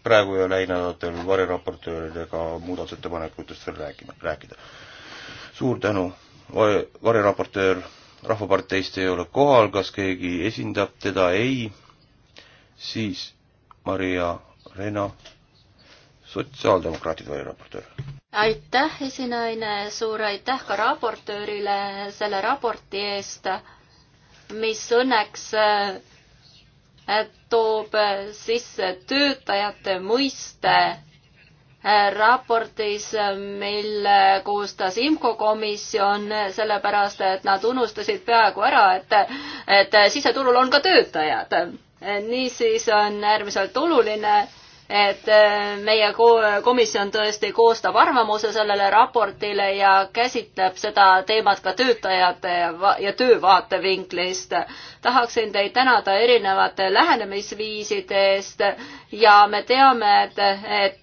praegu ja lähinädalatel variraportööridega muudatusettepanekutest veel rääkima, rääkida. suur tänu, variraportöör Rahvaparteist ei ole kohal, kas keegi esindab teda, ei, siis Maria Reena, sotsiaaldemokraatide variraportöör. aitäh, esinaine, suur aitäh ka raportöörile selle raporti eest, mis õnneks äh, toob sisse töötajate mõiste äh, raportis, mille koostas IMCO komisjon, sellepärast et nad unustasid peaaegu ära, et, et siseturul on ka töötajad. niisiis on äärmiselt oluline, et äh, meie komisjon tõesti koostab arvamuse sellele raportile ja käsitleb seda teemat ka töötajate ja töövaate vinklist. tahaksin teid tänada erinevate lähenemisviiside eest ja me teame, et,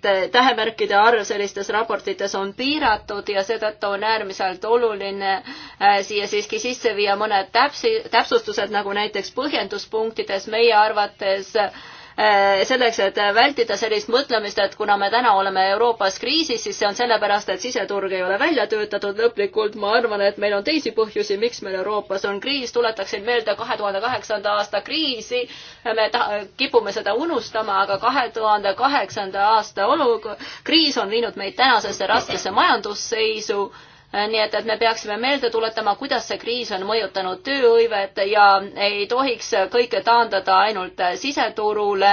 et tähemärkide arv sellistes raportites on piiratud ja seetõttu on äärmiselt oluline äh, siia siiski sisse viia mõned täpsi, täpsustused, nagu näiteks põhjenduspunktides meie arvates äh, Eh, selleks, et vältida sellist mõtlemist, et kuna me täna oleme Euroopas kriisis, siis see on sellepärast, et siseturg ei ole välja töötatud lõplikult. ma arvan, et meil on teisi põhjusi, miks meil Euroopas on kriis. tuletaksin meelde kahe tuhande kaheksanda aasta kriisi. me kipume seda unustama, aga kahe tuhande kaheksanda aasta olukord, kriis on viinud meid tänasesse raskesse majandusseisu Äh, nii et, et me peaksime meelde tuletama, kuidas see kriis on mõjutanud tööhõivet ja ei tohiks kõike taandada ainult siseturule.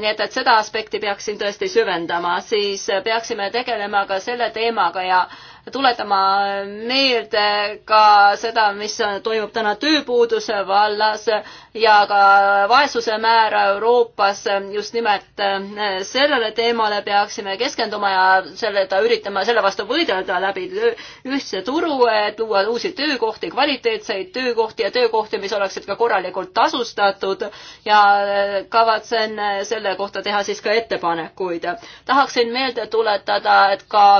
nii et, et seda aspekti peaksin tõesti süvendama, siis peaksime tegelema ka selle teemaga ja tuletama meelde ka seda, mis toimub täna tööpuuduse vallas ja ka vaesuse määra Euroopas. just nimelt eh, sellele teemale peaksime keskenduma ja sellega üritama selle vastu võidelda läbi ühtse turu, et luua uusi töökohti, kvaliteetseid töökohti ja töökohti, mis oleksid ka korralikult tasustatud ja eh, kavatsen eh, selle kohta teha siis ka ettepanekuid. tahaksin meelde tuletada, et ka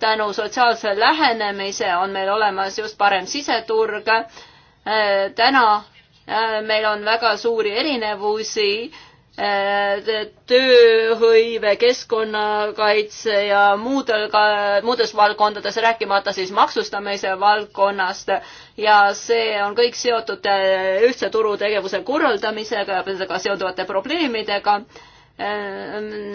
tänu sotsiaalsele lähenemise, on meil olemas just parem siseturg. Äh, täna äh, meil on väga suuri erinevusi äh, tööhõive, keskkonnakaitse ja muudel ka, muudes valdkondades, rääkimata siis maksustamise valdkonnast. ja see on kõik seotud ühtse turutegevuse korraldamisega ja sellega seonduvate probleemidega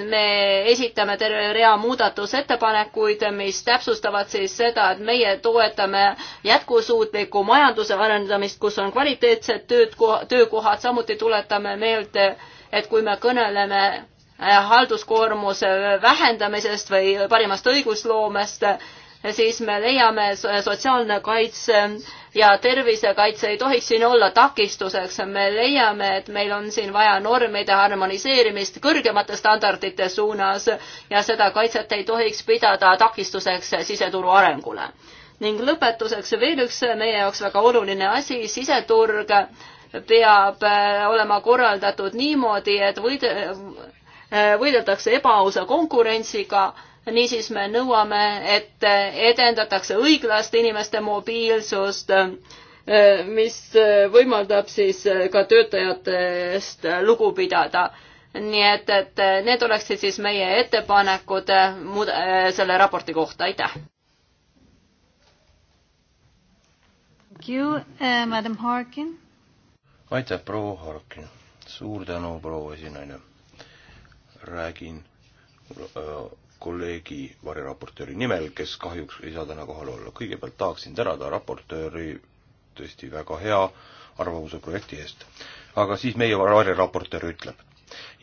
me esitame terve rea muudatusettepanekuid, mis täpsustavad siis seda, et meie toetame jätkusuutliku majanduse arendamist, kus on kvaliteetsed tööd, töökohad, samuti tuletame meelde, et kui me kõneleme eh, halduskoormuse vähendamisest või parimast õigusloomest, siis me leiame, sotsiaalne kaitse ja tervisekaitse ei tohiks siin olla takistuseks. me leiame, et meil on siin vaja normide harmoniseerimist kõrgemate standardite suunas ja seda kaitset ei tohiks pidada takistuseks siseturu arengule. ning lõpetuseks veel üks meie jaoks väga oluline asi, siseturg peab äh, olema korraldatud niimoodi, et võid-, võideldakse ebaausa konkurentsiga niisiis me nõuame, et edendatakse õiglast inimeste mobiilsust, mis võimaldab siis ka töötajatest lugu pidada. nii et, et need oleksid siis meie ettepanekud selle raporti kohta, aitäh. Eh, aitäh, proua Harkin. suur tänu, proua esinaine. räägin öö, eh, kolleegi variraportööri nimel, kes kahjuks ei saa täna kohal olla. kõigepealt tahaksin tänada raportööri tõesti väga hea arvamuse projekti eest. aga siis meie variraportöör ütleb.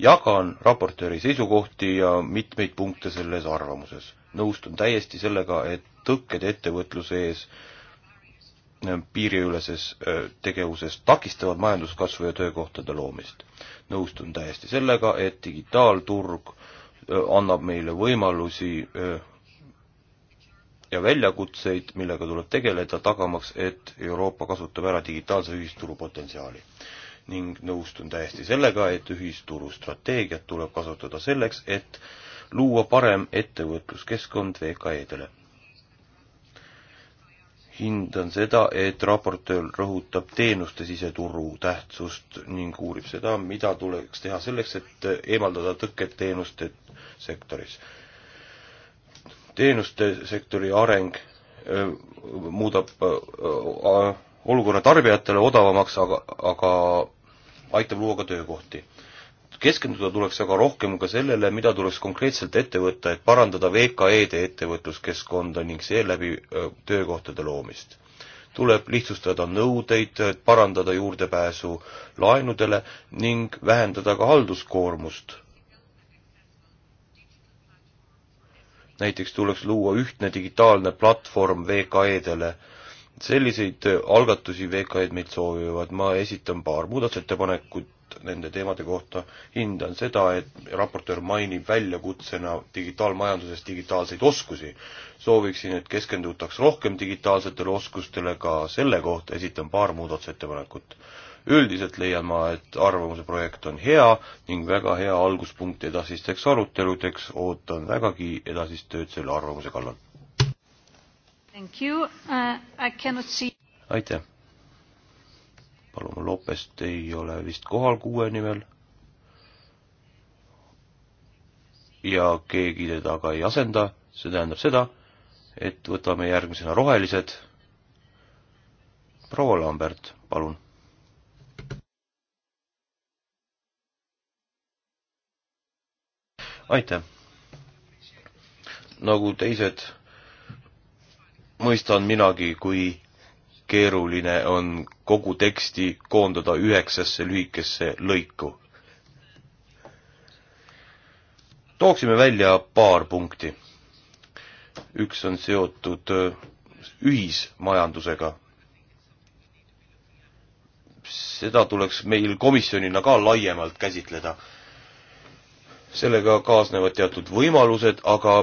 jagan raportööri seisukohti ja mitmeid punkte selles arvamuses. nõustun täiesti sellega, et tõkked ettevõtluse ees piiriüleses tegevuses takistavad majanduskasvu ja töökohtade loomist. nõustun täiesti sellega, et digitaalturg Äh, annab meile võimalusi äh, ja väljakutseid, millega tuleb tegeleda, tagamaks, et Euroopa kasutab ära digitaalse ühisturu potentsiaali. ning nõustun täiesti sellega, et ühisturu strateegiat tuleb kasutada selleks, et luua parem ettevõtluskeskkond VKE-dele. hindan seda, et raportöör rõhutab teenuste siseturu tähtsust ning uurib seda, mida tuleks teha selleks, et eemaldada tõkked teenuste sektoris. teenuste sektori areng muudab olukorra tarbijatele odavamaks, aga, aga aitab luua ka töökohti. keskenduda tuleks aga rohkem ka sellele, mida tuleks konkreetselt ette võtta, et parandada VKE-de ettevõtluskeskkonda ning seeläbi töökohtade loomist. tuleb lihtsustada nõudeid, parandada juurdepääsu laenudele ning vähendada ka halduskoormust näiteks tuleks luua ühtne digitaalne platvorm VKE-dele. selliseid äh, algatusi VKE-d meilt soovivad, ma esitan paar muudatusettepanekut nende teemade kohta, hindan seda, et raportöör mainib väljakutsena digitaalmajanduses digitaalseid oskusi. sooviksin, et keskendutaks rohkem digitaalsetele oskustele, ka selle kohta esitan paar muudatusettepanekut üldiselt leian ma, et arvamuse projekt on hea ning väga hea alguspunkt edasisteks aruteludeks, ootan vägagi edasist tööd selle arvamuse kallal. Uh, aitäh. palun, Lopest ei ole vist kohal kuue nimel. ja keegi teda ka ei asenda, see tähendab seda, et võtame järgmisena rohelised. proua Lambert, palun aitäh! nagu teised, mõistan minagi, kui keeruline on kogu teksti koondada üheksasse lühikesse lõiku. tooksime välja paar punkti. üks on seotud äh, ühismajandusega. seda tuleks meil komisjonina ka laiemalt käsitleda sellega kaasnevad teatud võimalused, aga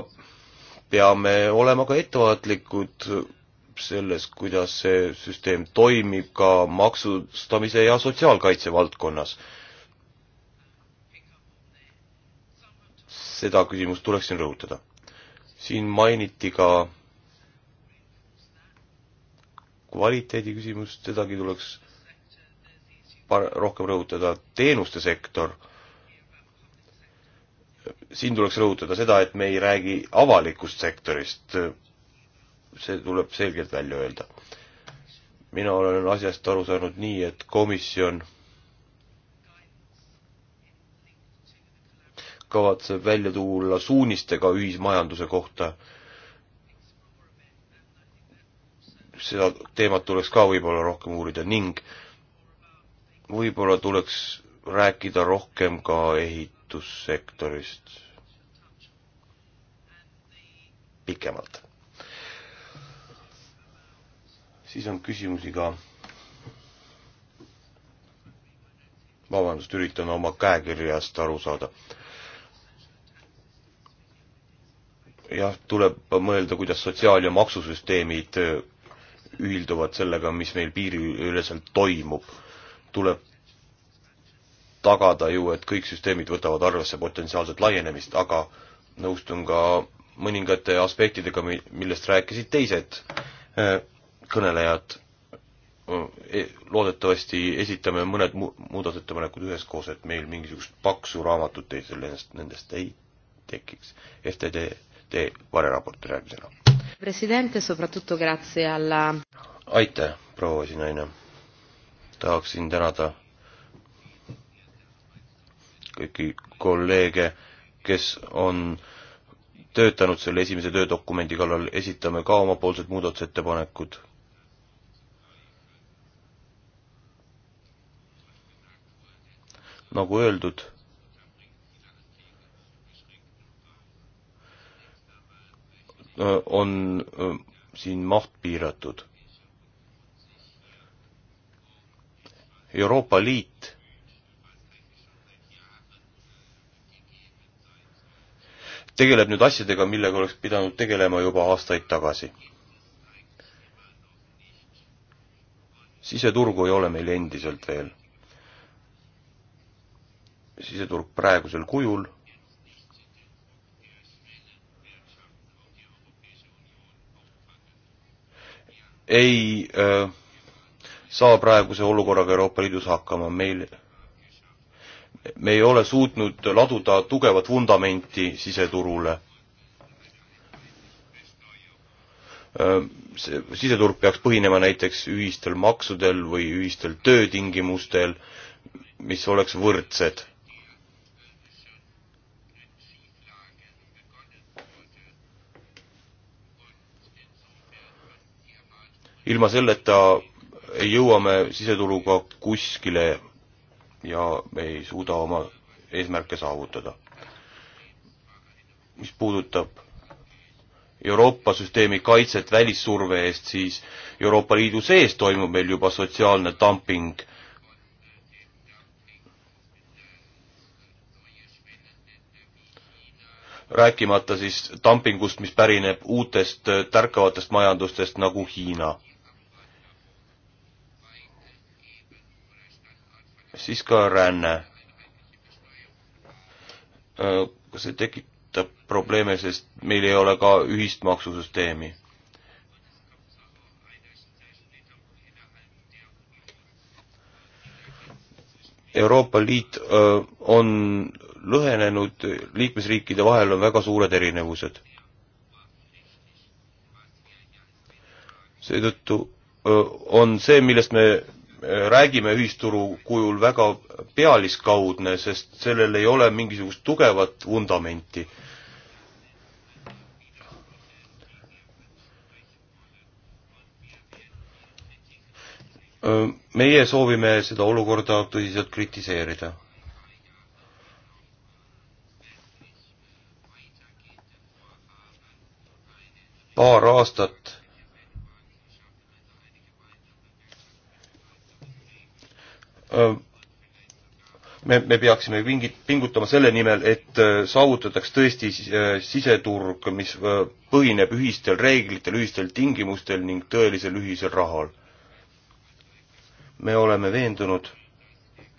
peame olema ka ettevaatlikud selles, kuidas see süsteem toimib ka maksustamise ja sotsiaalkaitse valdkonnas. seda küsimust tuleks siin rõhutada. siin mainiti ka kvaliteedi küsimust, sedagi tuleks par-, rohkem rõhutada, teenuste sektor siin tuleks rõhutada seda, et me ei räägi avalikust sektorist. see tuleb selgelt välja öelda. mina olen asjast aru saanud nii, et komisjon kavatseb välja tulla suunistega ühismajanduse kohta. seda teemat tuleks ka võib-olla rohkem uurida ning võib-olla tuleks rääkida rohkem ka ehit-, ehitussektorist pikemalt. siis on küsimusi ka. vabandust, üritan oma käekirjast aru saada. jah, tuleb mõelda, kuidas sotsiaal- ja maksusüsteemid ühilduvad sellega, mis meil piiriüleselt toimub. tuleb tagada ju, et kõik süsteemid võtavad arvesse potentsiaalset laienemist, aga nõustun ka mõningate aspektidega, millest rääkisid teised äh, kõnelejad. E-, loodetavasti esitame mõned mu-, muudatusettepanekud üheskoos, et meil mingisugust paksu raamatut teisel nendest ei tekiks. FTD, te vareraporti järgmisena. Presidente, soprattutto grazie alla aitäh, proua esinaine. tahaksin tänada kõiki kolleege, kes on töötanud selle esimese töödokumendi kallal, esitame ka omapoolsed muudatusettepanekud. nagu öeldud, on siin maht piiratud. Euroopa Liit tegeleb nüüd asjadega, millega oleks pidanud tegelema juba aastaid tagasi. siseturgu ei ole meil endiselt veel. siseturg praegusel kujul ei öö, äh, saa praeguse olukorraga Euroopa Liidus hakkama, meil me ei ole suutnud laduda tugevat vundamenti siseturule. see siseturg peaks põhinema näiteks ühistel maksudel või ühistel töötingimustel, mis oleks võrdsed. ilma selleta jõuame siseturuga kuskile ja me ei suuda oma eesmärke saavutada. mis puudutab Euroopa süsteemi kaitset välissurve eest, siis Euroopa Liidu sees toimub meil juba sotsiaalne dumping. rääkimata siis dumpingust, mis pärineb uutest tärkavatest majandustest nagu Hiina siis ka ränne. see tekitab probleeme, sest meil ei ole ka ühist maksusüsteemi. Euroopa Liit on lõhenenud, liikmesriikide vahel on väga suured erinevused. seetõttu on see, millest me räägime ühisturu kujul väga pealiskaudne, sest sellel ei ole mingisugust tugevat vundamenti. meie soovime seda olukorda tõsiselt kritiseerida. paar aastat me, me peaksime pingi-, pingutama selle nimel, et saavutataks tõesti siseturg, mis põhineb ühistel reeglitel, ühistel tingimustel ning tõelisel ühisel rahal. me oleme veendunud,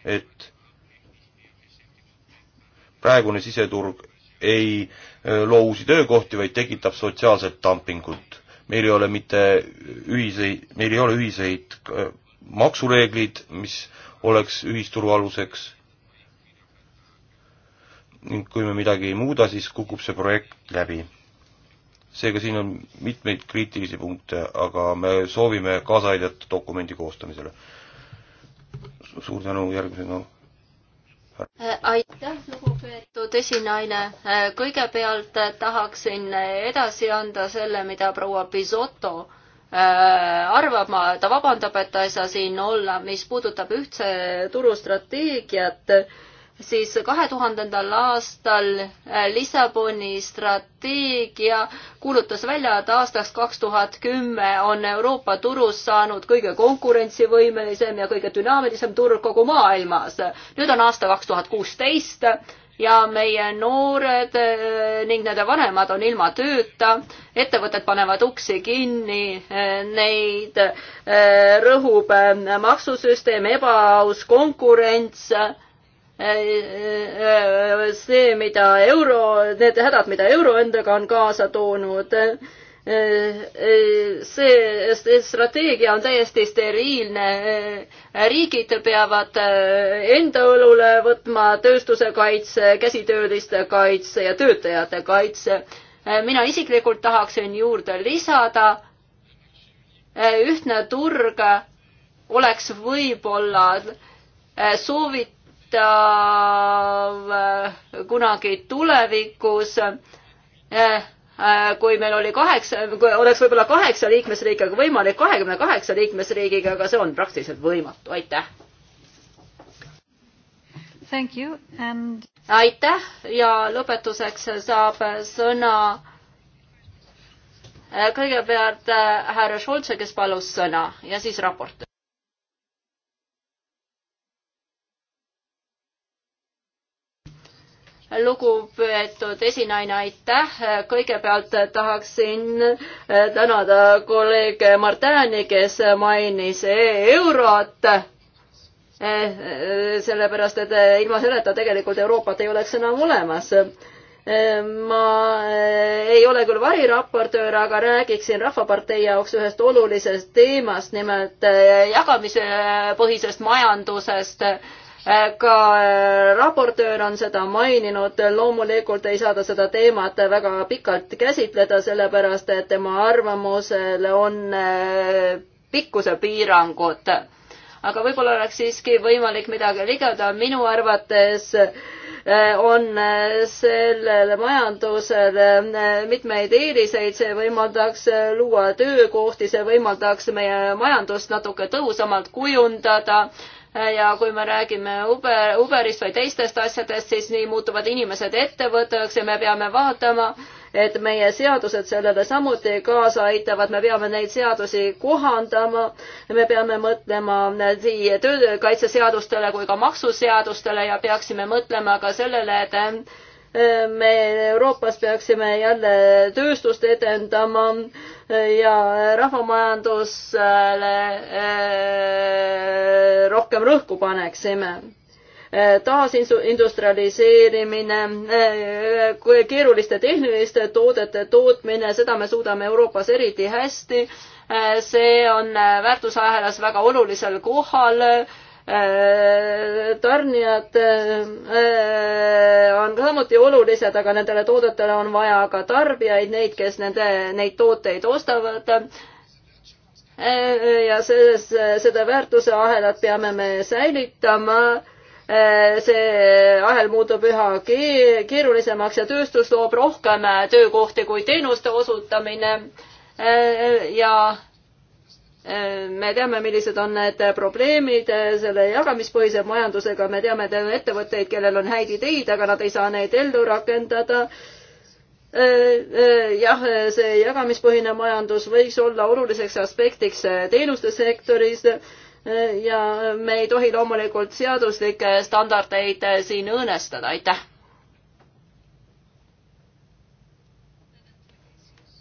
et praegune siseturg ei loo uusi töökohti, vaid tekitab sotsiaalset dumpingut. meil ei ole mitte ühiseid, meil ei ole ühiseid maksureeglid, mis oleks ühisturu aluseks ning kui me midagi ei muuda, siis kukub see projekt läbi. seega siin on mitmeid kriitilisi punkte, aga me soovime kaasa aidata dokumendi koostamisele. suur tänu, järgmisena äh, aitäh, lugupeetud esinaine. Äh, kõigepealt äh, tahaksin edasi anda selle, mida proua Pisoto Äh, arvama, ta vabandab, et ta ei saa siin olla, mis puudutab ühtse turustrateegiat, siis kahe tuhandendal aastal äh, Lissaboni strateegia kuulutas välja, et aastaks kaks tuhat kümme on Euroopa turust saanud kõige konkurentsivõimelisem ja kõige dünaamilisem turg kogu maailmas. nüüd on aasta kaks tuhat kuusteist ja meie noored eh, ning nende vanemad on ilma tööta, ettevõtted panevad uksi kinni, eh, neid eh, rõhub maksusüsteem, ebaaus konkurents see, mida euro, need hädad, mida euro endaga on kaasa toonud see strateegia on täiesti steriilne. riigid peavad enda õlule võtma tööstuse kaitse, käsitööliste kaitse ja töötajate kaitse. mina isiklikult tahaksin juurde lisada, ühtne turg oleks võib-olla soovitav kunagi tulevikus Äh, kui meil oli kaheksa, kui oleks võib-olla kaheksa liikmesriigiga võimalik, kahekümne kaheksa liikmesriigiga, aga see on praktiliselt võimatu, aitäh. Thank you and. aitäh ja lõpetuseks saab sõna äh, kõigepealt äh, härra Schulze, kes palus sõna ja siis raport. lugupeetud esinaine, aitäh. kõigepealt tahaksin eh, tänada kolleeg Martani, kes mainis e eurot. Eh, eh, sellepärast, et ilma selleta tegelikult Euroopat ei oleks enam olemas. ma ei ole küll variraportöör, aga räägiksin Rahvapartei jaoks ühest olulisest teemast, nimelt jagamispõhisest majandusest ka äh, raportöör on seda maininud, loomulikult ei saa ta seda teemat väga pikalt käsitleda, sellepärast et tema arvamusel on äh, pikkusepiirangud. aga võib-olla oleks siiski võimalik midagi ligeda, minu arvates äh, on sellele majandusele mitmeid eeliseid, see võimaldaks luua töökohti, see võimaldaks meie majandust natuke tõhusamalt kujundada ja kui me räägime Uber, Uberist või teistest asjadest, siis nii muutuvad inimesed ettevõtteks ja me peame vaatama, et meie seadused sellele samuti kaasa aitavad, me peame neid seadusi kohandama, me peame mõtlema nii töökaitseseadustele kui ka maksuseadustele ja peaksime mõtlema ka sellele, et eh, me Euroopas peaksime jälle tööstust edendama ja rahvamajandusele eh, rohkem rõhku paneksime eh, taasindustrialiseerimine, eh, keeruliste tehniliste toodete tootmine, seda me suudame Euroopas eriti hästi. see on väärtusahelas väga olulisel kohal Äh, tarnijad äh, on ka samuti olulised, aga nendele toodetele on vaja ka tarbijaid, neid, kes nende, neid tooteid ostavad. Äh, ja selles, seda väärtuseahelat peame me säilitama see ahel muutub üha keerulisemaks ja tööstus loob rohkem töökohti kui teenuste osutamine. ja me teame, millised on need probleemid selle jagamispõhise majandusega, me teame ettevõtteid, kellel on häid ideid, aga nad ei saa neid ellu rakendada. Äh, äh, jah, see jagamispõhine majandus võiks olla oluliseks aspektiks teenuste sektoris äh, ja me ei tohi loomulikult seaduslikke standardeid siin õõnestada, aitäh.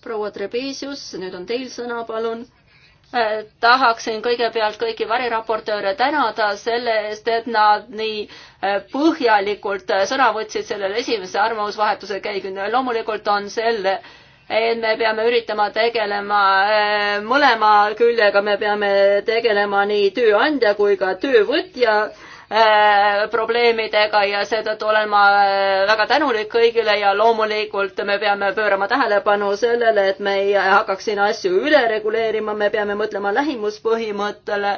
proua Trebesius, nüüd on teil sõna, palun Eh, tahaksin kõigepealt kõiki variraportööre tänada selle eest, et nad nii eh, põhjalikult eh, sõna võtsid sellel esimese arvamusvahetuse käigul. loomulikult on selle, et me peame üritama tegelema mõlema küljega, me peame tegelema nii tööandja kui ka töövõtja Äh, probleemidega ja seetõttu olen ma äh, väga tänulik kõigile ja loomulikult me peame pöörama tähelepanu sellele, et me ei hakkaks siin asju üle reguleerima, me peame mõtlema lähimuspõhimõttele.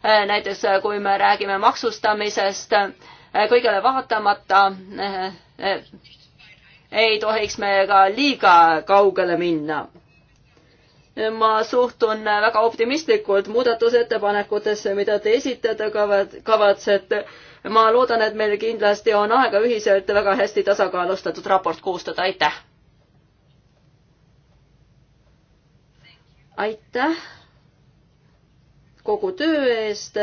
Äh, näiteks kui me räägime maksustamisest, kõigele vaatamata ei tohiks me ka liiga kaugele minna ma suhtun väga optimistlikult muudatusettepanekutesse, mida te esitada kavatsete. ma loodan, et meil kindlasti on aega ühiselt väga hästi tasakaalustatud raport koostada, aitäh. aitäh kogu töö eest,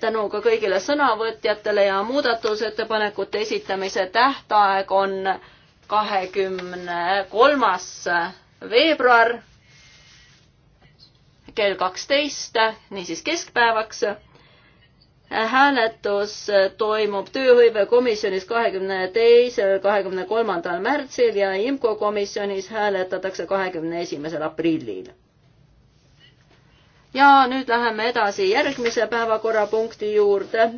tänu ka kõigile sõnavõtjatele ja muudatusettepanekute esitamise tähtaeg on kahekümne kolmas veebruar kell kaksteist, niisiis keskpäevaks. hääletus toimub tööhõivekomisjonis kahekümne teisel, kahekümne kolmandal märtsil ja IMCO komisjonis hääletatakse kahekümne esimesel aprillil. ja nüüd läheme edasi järgmise päevakorrapunkti juurde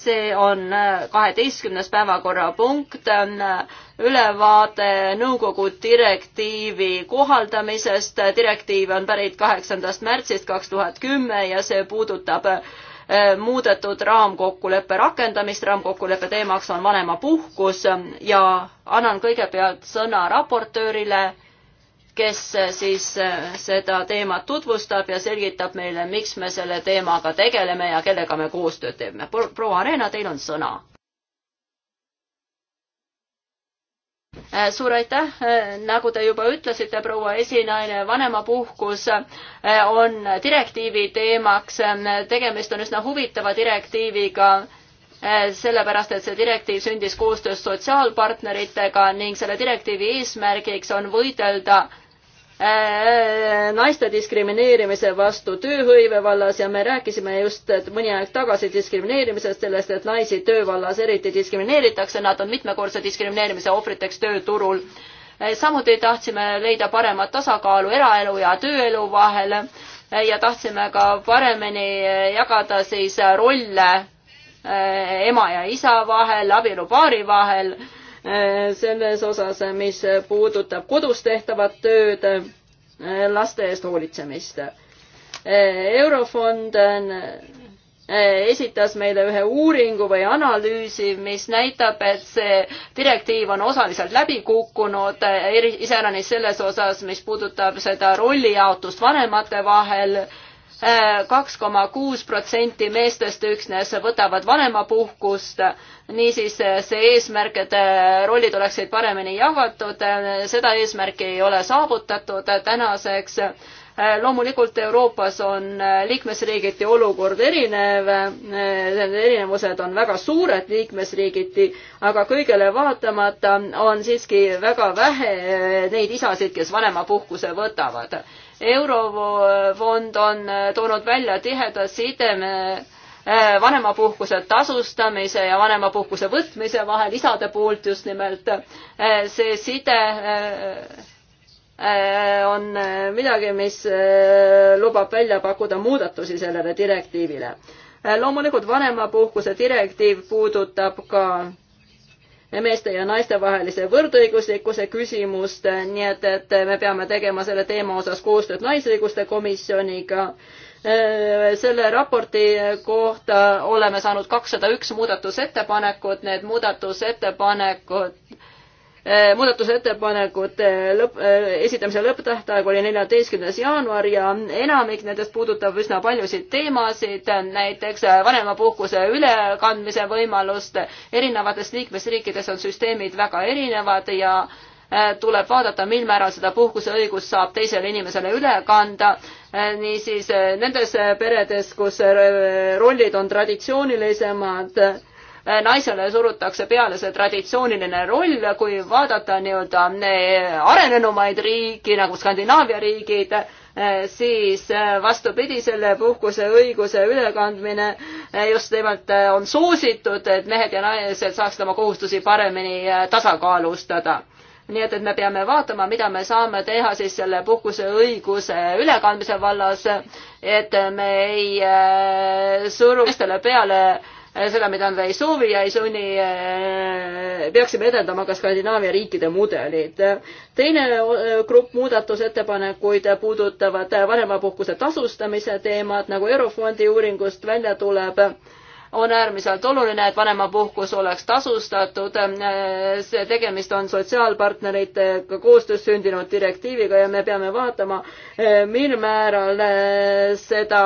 see on äh, kaheteistkümnes päevakorrapunkt, on äh, ülevaade nõukogu direktiivi kohaldamisest. direktiiv on pärit kaheksandast märtsist kaks tuhat kümme ja see puudutab äh, muudetud raamkokkuleppe rakendamist. raamkokkuleppe teemaks on vanemapuhkus ja annan kõigepealt sõna raportöörile kes äh, siis äh, seda teemat tutvustab ja selgitab meile, miks me selle teemaga tegeleme ja kellega me koostööd teeme. proua Areena, teil on sõna. Äh, suur aitäh, nagu te juba ütlesite, proua esinaine, vanemapuhkus on direktiivi teemaks, tegemist on üsna huvitava direktiiviga sellepärast, et see direktiiv sündis koostöös sotsiaalpartneritega ning selle direktiivi eesmärgiks on võidelda Äh, äh, naiste diskrimineerimise vastu tööhõive vallas ja me rääkisime just mõni aeg tagasi diskrimineerimisest, sellest, et naisi töövallas eriti diskrimineeritakse, nad on mitmekordse diskrimineerimise ohvriteks tööturul äh, samuti tahtsime leida paremat tasakaalu eraelu ja tööelu vahel ja tahtsime ka paremini jagada siis rolle ema ja isa vahel, abielupaari vahel selles osas, mis puudutab kodus tehtavat tööd, laste eest hoolitsemist. Eurofond esitas meile ühe uuringu või analüüsi, mis näitab, et see direktiiv on osaliselt läbi kukkunud, iseäranis selles osas, mis puudutab seda rollijaotust vanemate vahel kaks koma kuus protsenti meestest üksnes võtavad vanemapuhkust, niisiis see eesmärk, et äh, rollid oleksid paremini jagatud, seda eesmärki ei ole saavutatud tänaseks. Äh, loomulikult Euroopas on äh, liikmesriigiti olukord erinev, need erinevused on väga suured liikmesriigiti, aga kõigele vaatamata on siiski väga vähe neid isasid, kes vanemapuhkuse võtavad eurofond on äh, toonud välja tiheda sideme äh, vanemapuhkuse tasustamise ja vanemapuhkuse võtmise vahel isade poolt just nimelt. Äh, see side on midagi, mis lubab välja pakkuda muudatusi sellele direktiivile. loomulikult vanemapuhkuse direktiiv puudutab ka meeste ja naiste vahelise võrdõiguslikkuse küsimust, nii et, et me peame tegema selle teema osas koostööd Naisõiguste Komisjoniga. selle raporti kohta oleme saanud kakssada üks muudatusettepanekut, need muudatusettepanekud Eh, muudatusettepanekute lõpp, eh, esitamise lõpptähtaeg oli neljateistkümnes jaanuar ja enamik nendest puudutab üsna paljusid teemasid, näiteks vanemapuhkuse ülekandmise võimalust. erinevates liikmesriikides on süsteemid väga erinevad ja eh, tuleb vaadata, mil määral seda puhkuseõigust saab teisele inimesele üle kanda. niisiis nendes peredes, kus rollid on traditsioonilisemad Äh, naisele surutakse peale see traditsiooniline roll, kui vaadata nii-öelda äh, arenenumaid riiki nagu Skandinaavia riigid, äh, siis vastupidi, selle puhkuse õiguse ülekandmine just nimelt on soositud, et mehed ja naised saaksid oma kohustusi paremini tasakaalustada nii et, et me peame vaatama, mida me saame teha siis selle puhkuseõiguse ülekandmise vallas, et me ei suru meestele peale äh, Äh, seda, mida nad ei soovi ja ei sunni, äh, peaksime edendama ka Skandinaavia riikide mudelid. teine äh, grupp muudatusettepanekuid puudutavad vanemapuhkuse tasustamise teemat, nagu Eurofondi uuringust välja tuleb on äärmiselt oluline, et vanemapuhkus oleks tasustatud. see tegemist on sotsiaalpartneritega koostöös sündinud direktiiviga ja me peame vaatama, mil määral eh, seda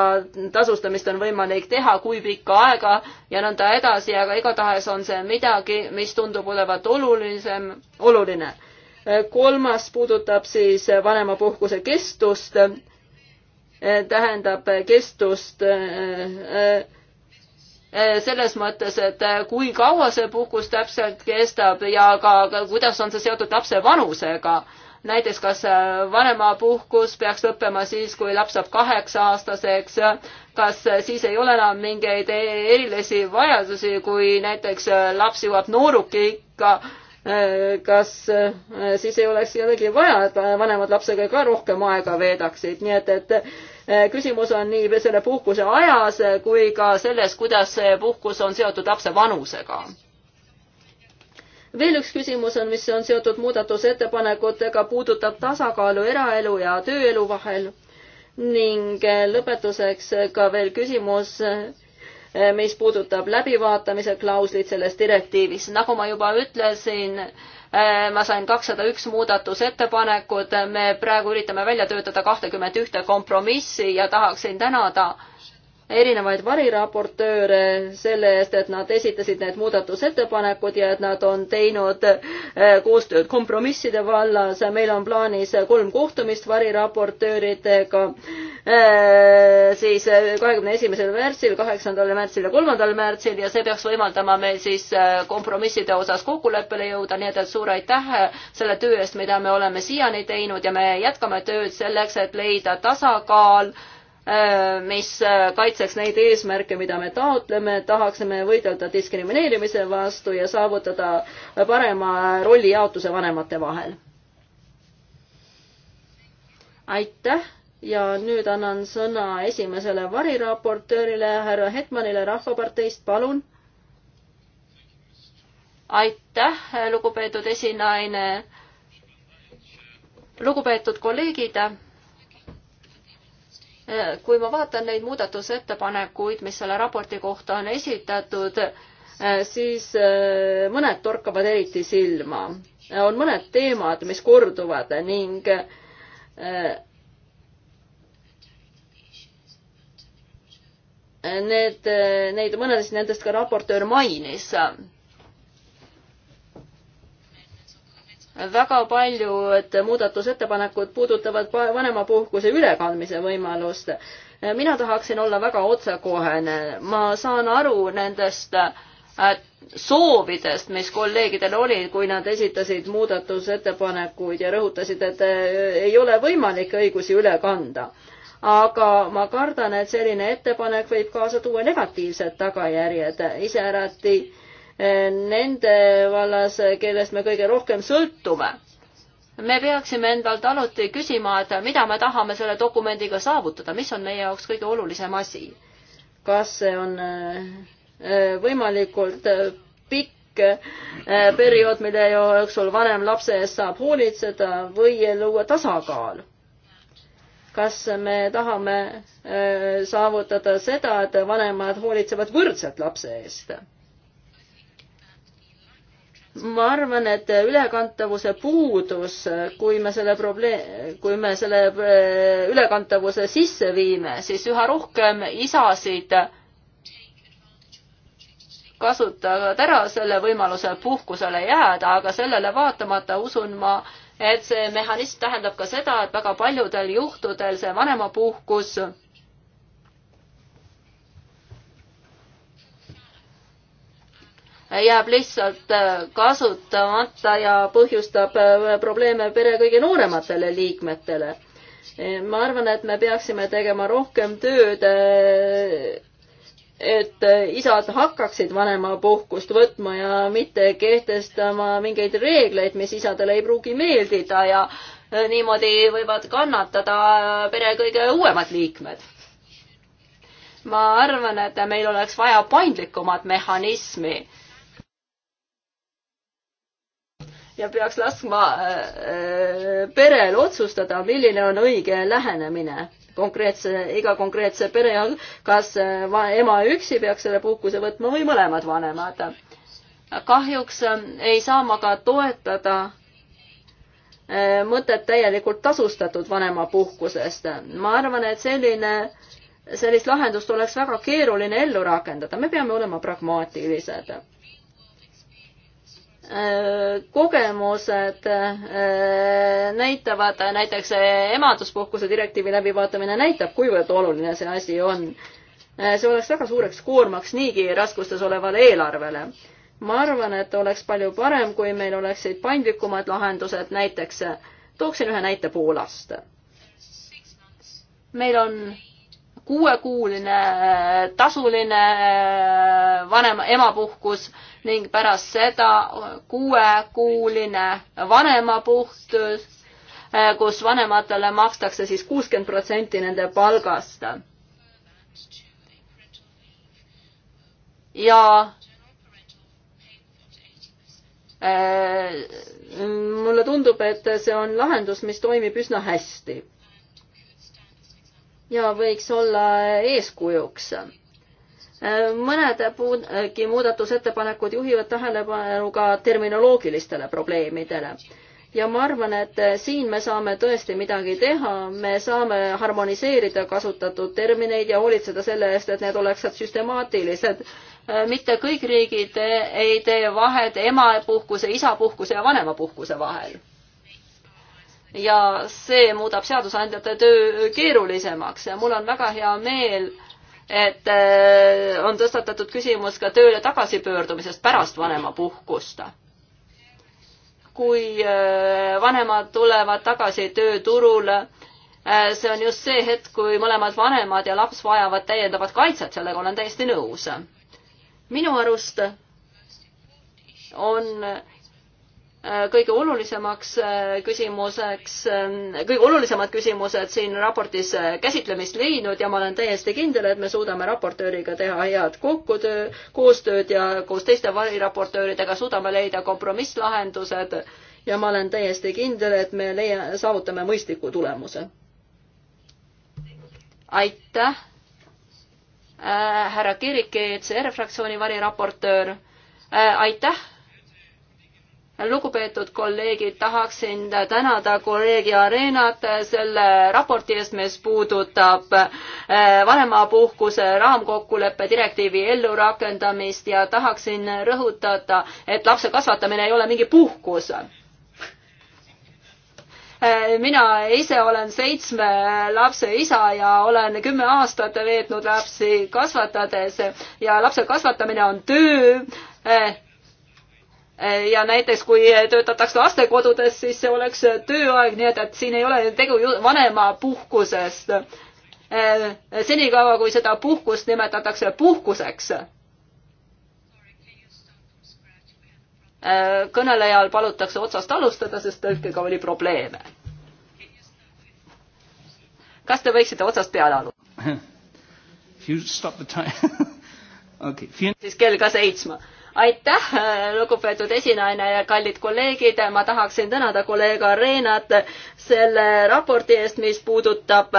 tasustamist on võimalik teha, kui pikka aega ja nõnda edasi, aga igatahes on see midagi, mis tundub olevat olulisem, oluline. kolmas puudutab siis vanemapuhkuse kestust tähendab kestust eh, eh, Eh, selles mõttes, et eh, kui kaua see puhkus täpselt kestab ja ka, ka kuidas on see seotud lapse vanusega. näiteks, kas eh, vanemapuhkus peaks lõppema siis, kui laps saab kaheksa-aastaseks, kas siis ei ole enam mingeid e-, erilisi vajadusi, kui näiteks laps jõuab noorukikka, kas siis ei oleks jällegi vaja, et vanemad lapsega ka rohkem aega veedaksid, nii et, et Eh, küsimus on nii selle puhkuse ajas eh, kui ka selles, kuidas see puhkus on seotud lapse vanusega. veel üks küsimus on, mis on seotud muudatusettepanekutega, puudutab tasakaalu eraelu ja tööelu vahel ning eh, lõpetuseks ka veel küsimus, mis puudutab läbivaatamise klauslit selles direktiivis. nagu ma juba ütlesin, Äh, ma sain kakssada üks muudatusettepanekut, me praegu üritame välja töötada kahtekümmet ühte kompromissi ja tahaksin tänada erinevaid variraportööre selle eest, et nad esitasid need muudatusettepanekud ja et nad on teinud eh, koostööd kompromisside vallas. meil on plaanis kolm kohtumist variraportööridega eh, siis kahekümne esimesel märtsil, kaheksandal märtsil ja kolmandal märtsil ja see peaks võimaldama meil siis eh, kompromisside osas kokkuleppele jõuda, nii et, et suur aitäh selle töö eest, mida me oleme siiani teinud ja me jätkame tööd selleks, et leida tasakaal Äh, mis äh, kaitseks neid eesmärke, mida me taotleme, tahaksime võidelda diskrimineerimise vastu ja saavutada parema rollijaotuse vanemate vahel. aitäh ja nüüd annan sõna esimesele variraportöörile, härra Hetmanile Rahvaparteist, palun. aitäh, lugupeetud esinaine. lugupeetud kolleegid kui ma vaatan neid muudatusettepanekuid, mis selle raporti kohta on esitatud, siis äh, mõned torkavad eriti silma. on mõned teemad, mis korduvad ning äh, need, äh, neid, mõnedes nendest ka raportöör mainis väga paljud muudatusettepanekud puudutavad vanemapuhkuse ülekandmise võimalust. mina tahaksin olla väga otsekohene, ma saan aru nendest äh, soovidest, mis kolleegidel oli, kui nad esitasid muudatusettepanekuid ja rõhutasid, et äh, ei ole võimalik õigusi üle kanda. aga ma kardan, et selline ettepanek võib kaasa tuua negatiivsed tagajärjed, iseärati äh, nende vallas, kellest me kõige rohkem sõltume. me peaksime endalt alati küsima, et mida me tahame selle dokumendiga saavutada, mis on meie jaoks kõige olulisem asi. kas see on äh, võimalikult äh, pikk äh, periood, mille jooksul vanem lapse eest saab hoolitseda või luua tasakaal kas me tahame saavutada seda, et vanemad hoolitsevad võrdselt lapse eest ma arvan, et ülekantavuse puudus, kui me selle probleem, kui me selle eh, ülekantavuse sisse viime, siis üha rohkem isasid kasutavad ära selle võimaluse puhkusele jääda, aga sellele vaatamata usun ma, et see mehhanism tähendab ka seda, et väga paljudel juhtudel see vanemapuhkus jääb lihtsalt äh, kasutamata ja põhjustab äh, probleeme pere kõige noorematele liikmetele. ma arvan, et me peaksime tegema rohkem tööd, äh, et isad hakkaksid vanemapuhkust võtma ja mitte kehtestama mingeid reegleid, mis isadele ei pruugi meeldida ja niimoodi võivad kannatada pere kõige uuemad liikmed ma arvan, et meil oleks vaja paindlikumat mehhanismi ja peaks laskma äh, äh, perel otsustada, milline on õige lähenemine konkreetse, iga konkreetse pere all, kas äh, ema üksi peaks selle puhkuse võtma või mõlemad vanemad. kahjuks ei saa ma ka toetada mõtet täielikult tasustatud vanemapuhkusest. ma arvan, et selline, sellist lahendust oleks väga keeruline ellu rakendada, me peame olema pragmaatilised Äh, kogemused äh, näitavad, äh, näiteks emaduspuhkuse direktiivi läbivaatamine näitab, kuivõrd oluline see asi on. see oleks väga suureks koormaks niigi raskustes olevale eelarvele. ma arvan, et oleks palju parem, kui meil oleksid paindlikumad lahendused, näiteks tooksin ühe näite Poolast. meil on kuuekuuline tasuline äh, vanema, emapuhkus ning pärast seda kuuekuuline vanemapuhkus, äh, kus vanematele makstakse siis kuuskümmend protsenti nende palgast. ja äh, mulle tundub, et see on lahendus, mis toimib üsna hästi ja võiks olla eeskujuks. mõned puugi muudatusettepanekud juhivad tähelepanu ka terminoloogilistele probleemidele ja ma arvan, et siin me saame tõesti midagi teha, me saame harmoniseerida kasutatud termineid ja hoolitseda selle eest, et need oleksid süstemaatilised. mitte kõik riigid ei tee vahet emapuhkuse, isapuhkuse ja vanemapuhkuse vahel ja see muudab seadusandjate töö keerulisemaks ja mul on väga hea meel, et äh, on tõstatatud küsimus ka tööle tagasipöördumisest pärast vanemapuhkust. kui äh, vanemad tulevad tagasi tööturule, äh, see on just see hetk, kui mõlemad vanemad ja laps vajavad täiendavat kaitset, sellega olen täiesti nõus. minu arust on Äh, kõige olulisemaks äh, küsimuseks, äh, kõige olulisemad küsimused siin raportis käsitlemist leidnud ja ma olen täiesti kindel, et me suudame raportööriga teha head kokkutöö, koostööd ja koos teiste variraportööridega suudame leida kompromisslahendused ja ma olen täiesti kindel, et me leia-, saavutame mõistliku tulemuse. aitäh äh,, härra Kirik, ECR fraktsiooni variraportöör äh,, aitäh lugupeetud kolleegid, tahaksin tänada kolleegi Arenat selle raporti eest, mis puudutab eh, vanemapuhkuse raamkokkuleppe direktiivi ellurakendamist ja tahaksin rõhutada, et lapse kasvatamine ei ole mingi puhkus. Eh, mina ise olen seitsme lapse isa ja olen kümme aastat veetnud lapsi kasvatades ja lapse kasvatamine on töö eh, Eh, ja näiteks kui töötatakse lastekodudes, siis see oleks tööaeg, nii et, et siin ei ole tegu vanemapuhkusest. Eh, senikaua, kui seda puhkust nimetatakse puhkuseks. Eh, kõnelejal palutakse otsast alustada, sest tõlkega oli probleeme. kas te võiksite otsast peale alustada? siis kell ka seitsme aitäh, lugupeetud esinaine ja kallid kolleegid, ma tahaksin tänada kolleeg Areenat selle raporti eest, mis puudutab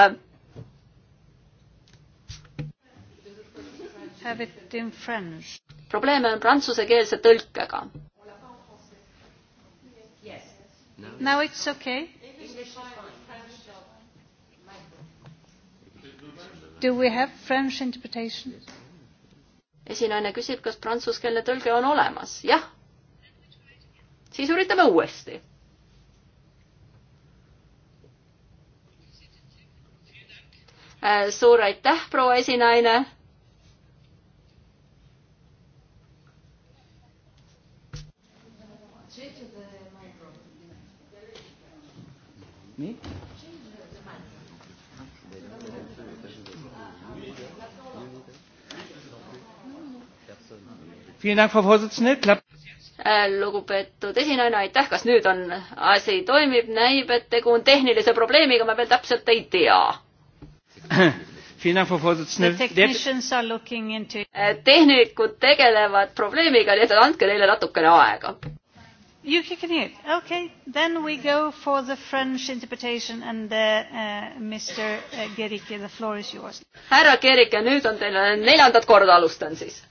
probleeme on prantsusekeelse tõlkega. Now it's okay. Do we have French interpretation? Yes esinaine küsib, kas prantsuskeelne tõlge on olemas. jah. siis üritame uuesti. Äh, suur aitäh, proua esinaine me Äh, lugupeetud esinaine, aitäh, kas nüüd on, asi toimib, näib, et tegu on tehnilise probleemiga, ma veel täpselt ei tea. Äh, tehnikud tegelevad probleemiga, nii et andke neile natukene aega. You can hear. Okay, then we go for the French interpretation and uh, uh, Mr. Gerike, the floor is yours. härra Gerike, nüüd on teil, neljandat korda alustan siis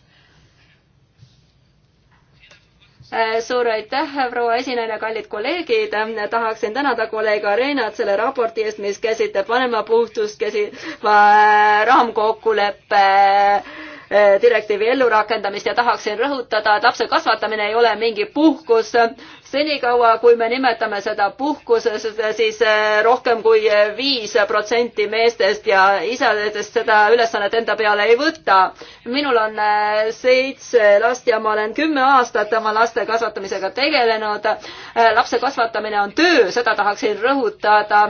Äh, suur aitäh, proua esinaine, kallid kolleegid. tahaksin tänada kolleeg Arenat selle raporti eest, mis käsitleb vanemapuhtust, käsitleb äh, raamkokkuleppe äh, direktiivi ellurakendamist ja tahaksin rõhutada, et lapse kasvatamine ei ole mingi puhkus, senikaua, kui me nimetame seda puhkuses, siis eh, rohkem kui eh, viis protsenti meestest ja isadest seda ülesannet enda peale ei võta. minul on eh, seitse last ja ma olen kümme aastat oma laste kasvatamisega tegelenud. lapse kasvatamine on töö, seda tahaksin rõhutada.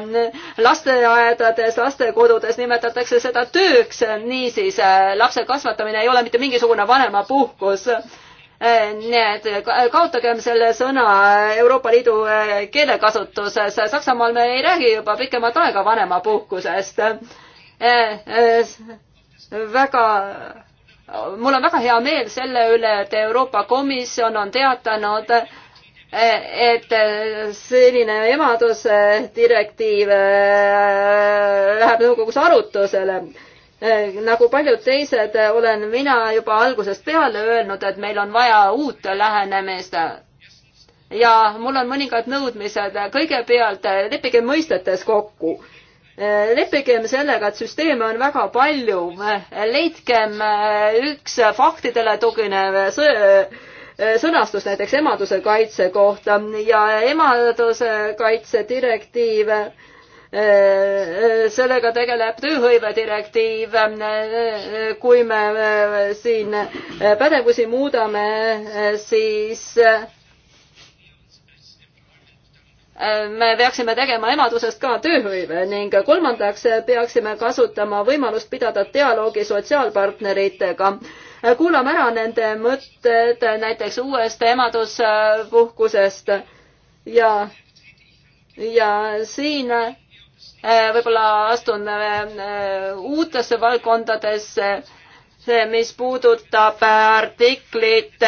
lasteaedades, lastekodudes nimetatakse seda tööks, niisiis lapse kasvatamine ei ole mitte mingisugune vanemapuhkus nii et kaotagem selle sõna Euroopa Liidu eh, keelekasutuses. Saksamaal me ei räägi juba pikemat aega vanemapuhkusest. Eh, eh, väga, mul on väga hea meel selle üle, et Euroopa Komisjon on teatanud, et selline emaduse direktiiv läheb nõukogus arutusele Äh, nagu paljud teised, äh, olen mina juba algusest peale öelnud, et meil on vaja uut lähenemist. ja mul on mõningad nõudmised. kõigepealt äh, leppige mõistetes kokku leppigem sellega, et süsteeme on väga palju, leidkem üks faktidele tuginev sõnastus näiteks emaduse kaitse kohta ja emaduse kaitse direktiiv äh, sellega tegeleb tööhõive direktiiv. kui me e, siin pädevusi muudame, e, siis e, me peaksime tegema emadusest ka tööhõive ning kolmandaks peaksime kasutama võimalust pidada dialoogi sotsiaalpartneritega. kuulame ära nende mõtted näiteks uuest emaduspuhkusest ja, ja siin Äh, võib-olla astun äh, uutesse valdkondadesse see, mis puudutab äh, artiklit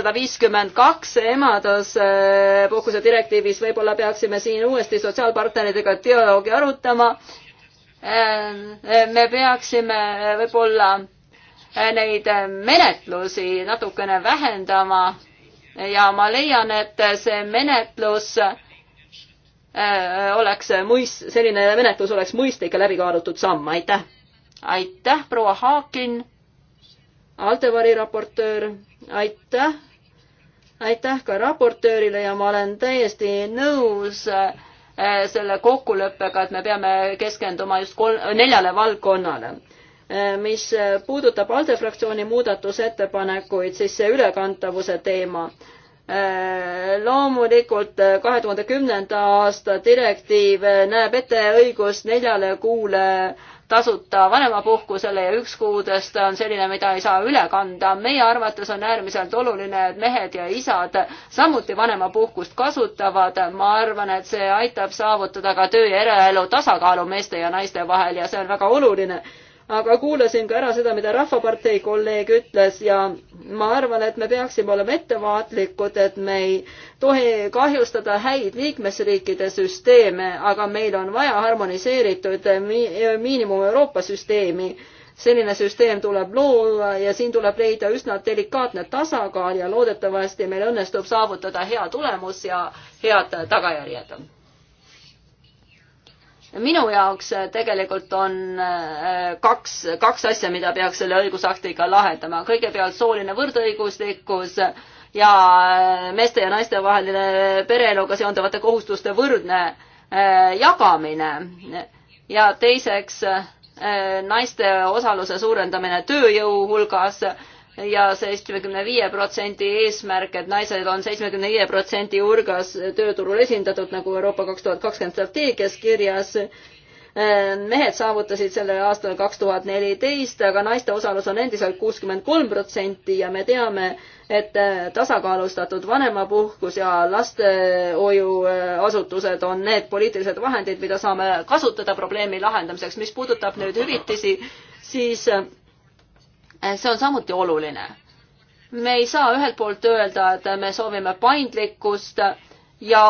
sada viiskümmend kaks emaduspuhkuse direktiivis, võib-olla peaksime siin uuesti sotsiaalpartneritega dialoogi arutama. me peaksime võib-olla neid menetlusi natukene vähendama ja ma leian, et see menetlus äh, Äh, oleks mõis-, selline menetlus oleks mõistlik ja läbikaalutud samm, aitäh. aitäh, proua Haakin, Altevari raportöör, aitäh. aitäh ka raportöörile ja ma olen täiesti nõus äh, selle kokkuleppega, et me peame keskenduma just kolm, neljale valdkonnale äh, mis puudutab ALDE fraktsiooni muudatusettepanekuid, siis see ülekantavuse teema. Äh, loomulikult äh, kahe tuhande kümnenda aasta direktiiv äh, näeb ette õigust neljale kuule tasuta vanemapuhkusele ja üks kuudest on selline, mida ei saa üle kanda. meie arvates on äärmiselt oluline, et mehed ja isad samuti vanemapuhkust kasutavad. ma arvan, et see aitab saavutada ka töö ja eraelu tasakaalu meeste ja naiste vahel ja see on väga oluline aga kuulasin ka ära seda, mida Rahvapartei kolleeg ütles ja ma arvan, et me peaksime olema ettevaatlikud, et me ei tohi kahjustada häid liikmesriikide süsteeme, aga meil on vaja harmoniseeritud miinimum Euroopa süsteemi. selline süsteem tuleb luua ja siin tuleb leida üsna delikaatne tasakaal ja loodetavasti meil õnnestub saavutada hea tulemus ja head tagajärjed minu jaoks äh, tegelikult on äh, kaks, kaks asja, mida peaks selle õigusaktiga lahendama. kõigepealt sooline võrdõiguslikkus ja äh, meeste ja naiste vaheline pereeluga seonduvate kohustuste võrdne jagamine. ja teiseks naiste osaluse suurendamine tööjõu hulgas ja seitsmekümne viie protsendi eesmärk, et naised on seitsmekümne viie protsendi hulgas tööturul esindatud, nagu Euroopa kaks tuhat kakskümmend strateegias kirjas. mehed saavutasid selle aastal kaks tuhat neliteist, aga naiste osalus on endiselt kuuskümmend kolm protsenti ja me teame, et tasakaalustatud vanemapuhkus ja lastehoiuasutused on need poliitilised vahendid, mida saame kasutada probleemi lahendamiseks. mis puudutab nüüd hüvitisi, siis Eh, see on samuti oluline. me ei saa ühelt poolt öelda, et me soovime paindlikkust ja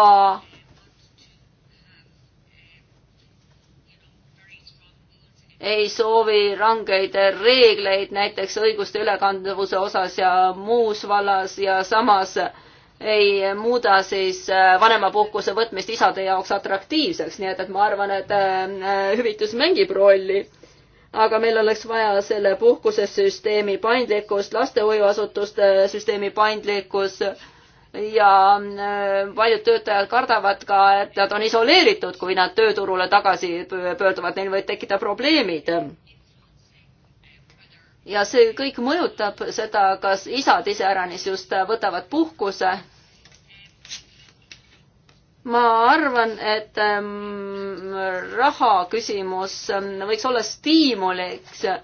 ei soovi rangeid reegleid näiteks õiguste ülekanduvuse osas ja muus vallas ja samas ei muuda siis eh, vanemapuhkuse võtmist isade jaoks atraktiivseks, nii et, et ma arvan, et eh, hüvitis mängib rolli aga meil oleks vaja selle puhkusesüsteemi paindlikkust, lastehoiuasutuste süsteemi paindlikkus ja äh, paljud töötajad kardavad ka, et nad on isoleeritud, kui nad tööturule tagasi pöörduvad, neil võivad tekkida probleemid. ja see kõik mõjutab seda, kas isad iseäranis just võtavad puhkuse ma arvan, et ähm, raha küsimus ähm, võiks olla stiimuliks äh,.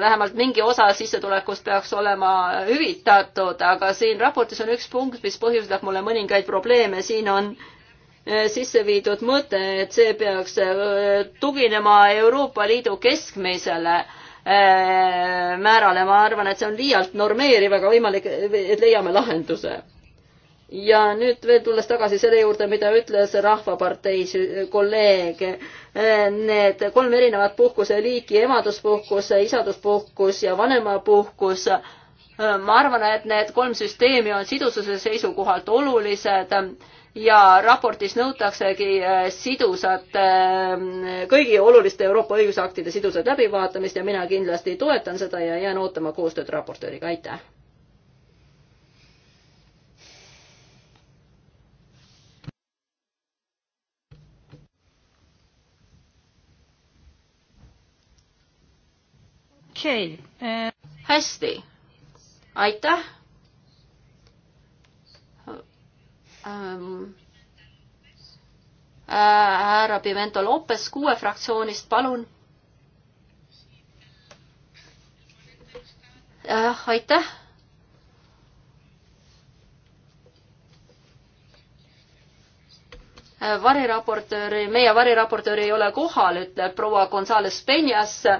vähemalt mingi osa sissetulekust peaks olema hüvitatud, aga siin raportis on üks punkt, mis põhjustab mulle mõningaid probleeme, siin on äh, sisse viidud mõte, et see peaks äh, tuginema Euroopa Liidu keskmisele äh, määrale, ma arvan, et see on liialt normeeriv, aga võimalik, et leiame lahenduse ja nüüd veel tulles tagasi selle juurde, mida ütles Rahvapartei kolleeg, need kolm erinevat puhkuse liiki, emaduspuhkus, isaduspuhkus ja vanemapuhkus, ma arvan, et need kolm süsteemi on sidususe seisukohalt olulised ja raportis nõutaksegi eh, sidusat, eh, kõigi oluliste Euroopa õigusaktide sidusat läbivaatamist ja mina kindlasti toetan seda ja jään ootama koostööd raportööriga, aitäh! okei okay.. Äh, hästi, aitäh ähm.. Äh,. härra Pimento Lopes kuue fraktsioonist, palun äh,. aitäh. Äh, variraportööri, meie variraportöör ei ole kohal, ütleb proua Gonzales Penjas äh,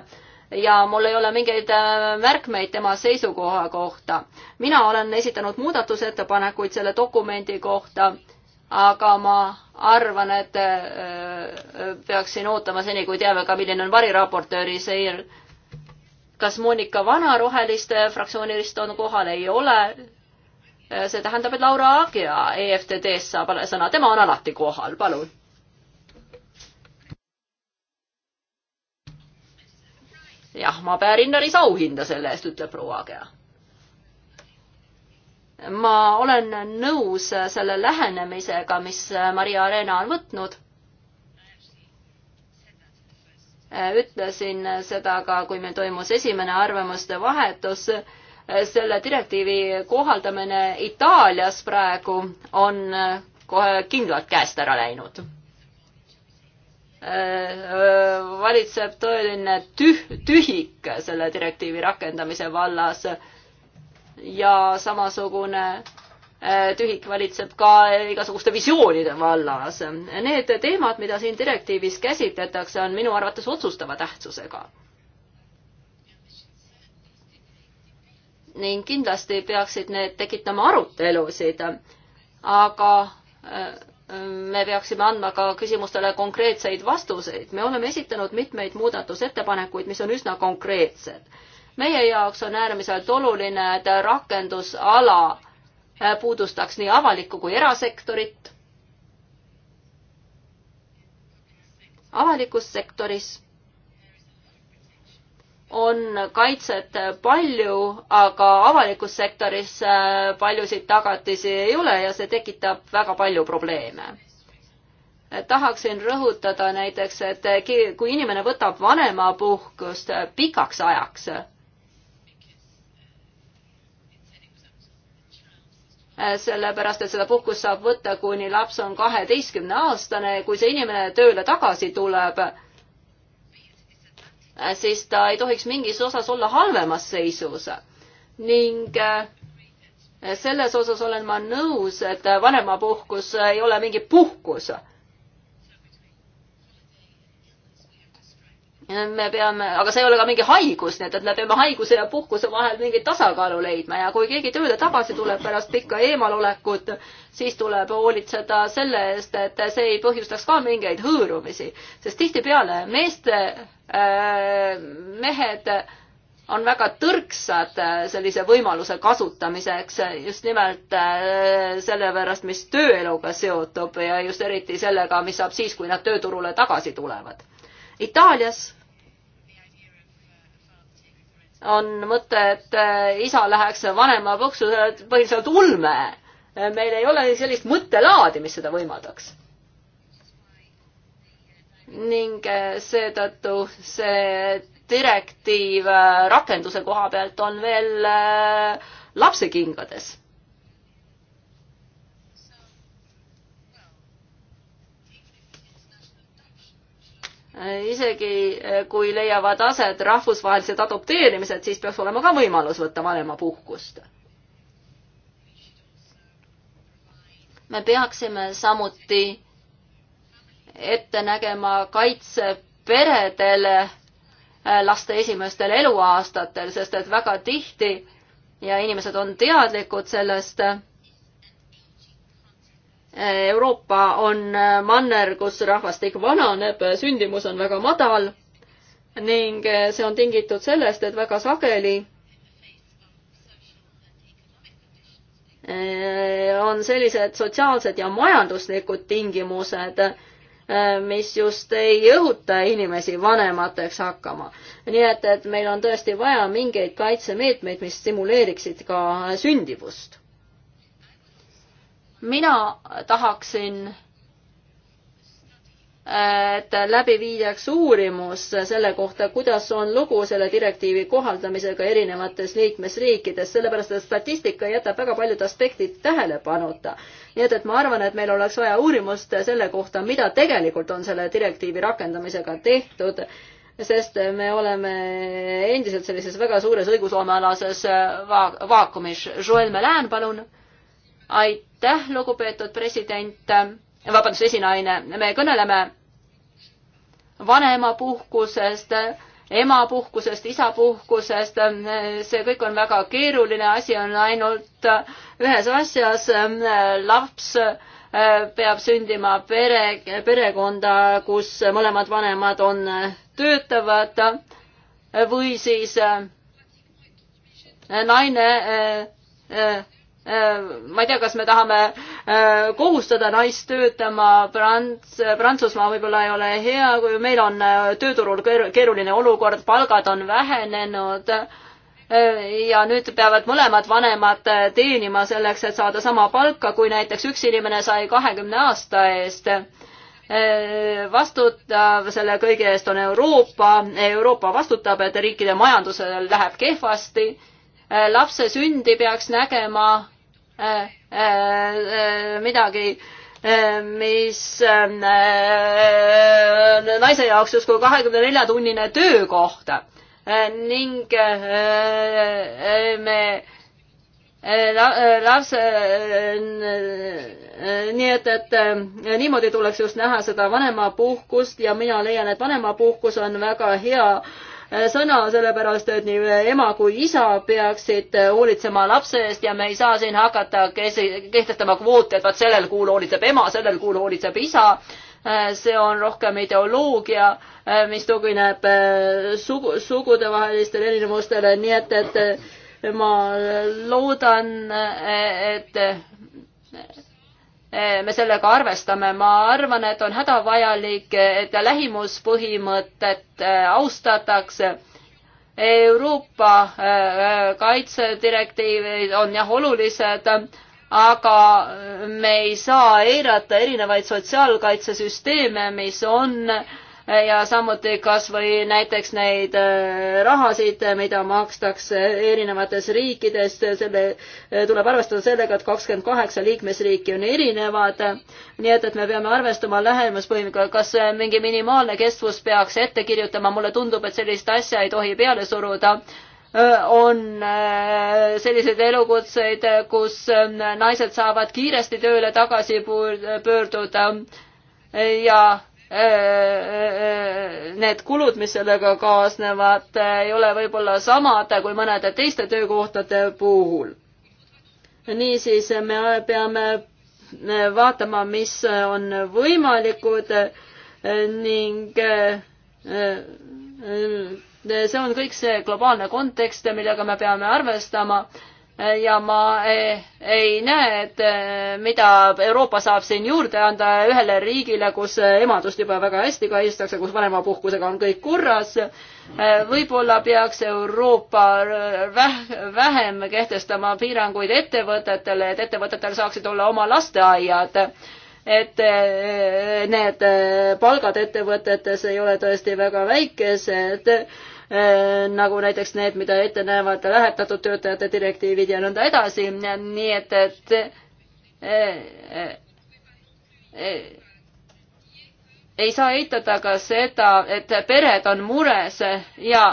ja mul ei ole mingeid äh, märkmeid tema seisukoha kohta. mina olen esitanud muudatusettepanekuid selle dokumendi kohta, aga ma arvan, et äh, äh, peaksin ootama seni, kui teame ka, milline on variraportööri seir. kas Monika Vana Roheliste fraktsioonist on kohal, ei ole? see tähendab, et Laura Agia EFTD-st saab sõna, tema on alati kohal, palun jah, ma väärin päris auhinda selle eest, ütleb proua Agea. ma olen nõus selle lähenemisega, mis Maria Arena on võtnud. ütlesin seda ka, kui meil toimus esimene arvamuste vahetus selle direktiivi kohaldamine Itaalias praegu on kohe kindlalt käest ära läinud valitseb tõeline tüh-, tühik selle direktiivi rakendamise vallas ja samasugune äh, tühik valitseb ka igasuguste visioonide vallas. Need teemad, mida siin direktiivis käsitletakse, on minu arvates otsustava tähtsusega. ning kindlasti peaksid need tekitama arutelusid, aga äh, me peaksime andma ka küsimustele konkreetseid vastuseid. me oleme esitanud mitmeid muudatusettepanekuid, mis on üsna konkreetsed. meie jaoks on äärmiselt oluline, et rakendusala äh, puudustaks nii avalikku kui erasektorit. avalikus sektoris on kaitset palju, aga avalikus sektoris äh, paljusid tagatisi ei ole ja see tekitab väga palju probleeme. tahaksin rõhutada näiteks, et kui inimene võtab vanemapuhkust pikaks ajaks, sellepärast et seda puhkust saab võtta, kuni laps on kaheteistkümneaastane, kui see inimene tööle tagasi tuleb Äh, siis ta ei tohiks mingis osas olla halvemas seisus. ning äh, selles osas olen ma nõus, et vanemapuhkus ei ole mingi puhkus me peame, aga see ei ole ka mingi haigus, nii et, et me peame haiguse ja puhkuse vahel mingi tasakaalu leidma ja kui keegi tööle tagasi tuleb pärast pikka eemalolekut, siis tuleb hoolitseda selle eest, et see ei põhjustaks ka mingeid hõõrumisi, sest tihtipeale meeste äh,, mehed on väga tõrksad äh, sellise võimaluse kasutamiseks just nimelt äh, sellepärast, mis tööeluga seotub ja just eriti sellega, mis saab siis, kui nad tööturule tagasi tulevad Itaalias on mõte, et äh, isa läheks vanema põksu põhiliselt ulme. Äh, meil ei ole sellist mõttelaadi, mis seda võimaldaks. ning äh, seetõttu see direktiiv rakenduse koha pealt on veel lapsekingades isegi eh, kui leiavad aset rahvusvahelised adopteerimised, siis peaks olema ka võimalus võtta vanemapuhkust. me peaksime samuti ette nägema kaitse peredele eh, laste esimestel eluaastatel, sest et väga tihti ja inimesed on teadlikud sellest, Euroopa on äh, manner, kus rahvastik vananeb, sündimus on väga madal ning äh, see on tingitud sellest, et väga sageli äh, on sellised sotsiaalsed ja majanduslikud tingimused, mis just ei õhuta inimesi vanemateks hakkama. nii et, et meil on tõesti vaja mingeid kaitsemeetmeid, mis stimuleeriksid ka sündivust mina tahaksin et läbi viidaks uurimus selle kohta, kuidas on lugu selle direktiivi kohaldamisega erinevates liikmesriikides, sellepärast et statistika jätab väga paljud aspektid tähelepanuta. nii et, et ma arvan, et meil oleks vaja uurimust selle kohta, mida tegelikult on selle direktiivi rakendamisega tehtud, sest me oleme endiselt sellises väga suures õigusloomealases va-, vaakumis. Joel Melan, palun aitäh, lugupeetud president, vabandust, esinaine, me kõneleme vanemapuhkusest, emapuhkusest, isapuhkusest, see kõik on väga keeruline, asi on ainult ühes asjas, laps peab sündima pere, perekonda, kus mõlemad vanemad on töötavad või siis naine Äh, ma ei tea, kas me tahame äh, kohustada naist töötama Prants-, Prantsusmaa võib-olla ei ole hea, kui meil on äh, tööturul keeruline olukord, palgad on vähenenud ja nüüd peavad mõlemad vanemad teenima selleks, et saada sama palka, kui näiteks üks inimene sai kahekümne aasta eest. vastutav selle kõige eest on Euroopa, Euroopa vastutab, et riikide majandusel läheb kehvasti lapse sündi peaks nägema midagi, mis äh, naise jaoks justkui kahekümne nelja tunnine töökoht ning äh, me äh, lapse, nii et, et niimoodi tuleks just näha seda vanemapuhkust ja mina leian, et vanemapuhkus on väga hea äh, Äh, sõna, sellepärast et nii äh, ema kui isa peaksid äh, hoolitsema lapse eest ja me ei saa siin hakata kehtestama kvoote, et vaat sellel kuul hoolitseb ema, sellel kuul hoolitseb isa see on rohkem ideoloogia, mis tugineb sugu, sugudevahelistele erinevustele, nii et, et ma loodan, et me sellega arvestame, ma arvan, et on hädavajalik, et lähimuspõhimõtet äh, austatakse. Euroopa äh, äh, kaitsedirektiivid on jah olulised, aga me ei saa eirata erinevaid sotsiaalkaitsesüsteeme, mis on äh, ja samuti kas või näiteks neid äh, rahasid, mida makstakse erinevates riikides, selle, äh, tuleb arvestada sellega, et kakskümmend kaheksa liikmesriiki on erinevad, nii et, et me peame arvestama lähemuspõhimõttega, kas äh, mingi minimaalne kestvus peaks ette kirjutama, mulle tundub, et sellist asja ei tohi peale suruda on selliseid elukutseid, kus naised saavad kiiresti tööle tagasi pöörduda ja Äh, äh, need kulud, mis sellega kaasnevad, äh, ei ole võib-olla samad kui mõnede teiste töökohtade puhul. niisiis me peame vaatama, mis on võimalikud ning see on kõik see globaalne kontekst, millega me peame arvestama ja ma ei, eh, ei näe, et eh, mida Euroopa saab siin juurde anda ühele riigile, kus eh, emadust juba väga hästi kaitstakse, kus vanemapuhkusega on kõik korras. võib-olla peaks Euroopa vähem kehtestama piiranguid ettevõtetele, et ettevõtetel saaksid olla oma lasteaiad et need palgad ettevõtetes ei ole tõesti väga väikesed et Äh, nagu näiteks need, mida ette näevad lähetatud töötajate direktiivid ja nõnda edasi, nii et, et äh, äh, ei saa eitada ka seda, et pered on mures ja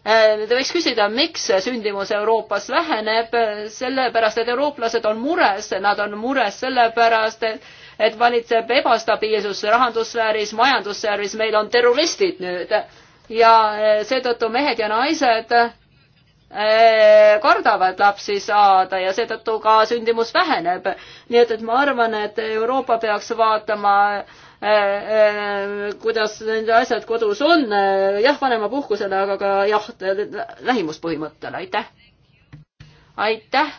Te võiks küsida, miks sündimus Euroopas väheneb, sellepärast et eurooplased on mures, nad on mures sellepärast, et et valitseb ebastabiilsus rahandussfääris, majandussfääris, meil on terroristid nüüd ja eh, seetõttu mehed ja naised eh, kardavad lapsi saada ja seetõttu ka sündimus väheneb. nii et, et ma arvan, et Euroopa peaks vaatama eh, kuidas need asjad kodus on, jah, vanemapuhkusele, aga ka jah, lähimuspõhimõttele, aitäh. aitäh.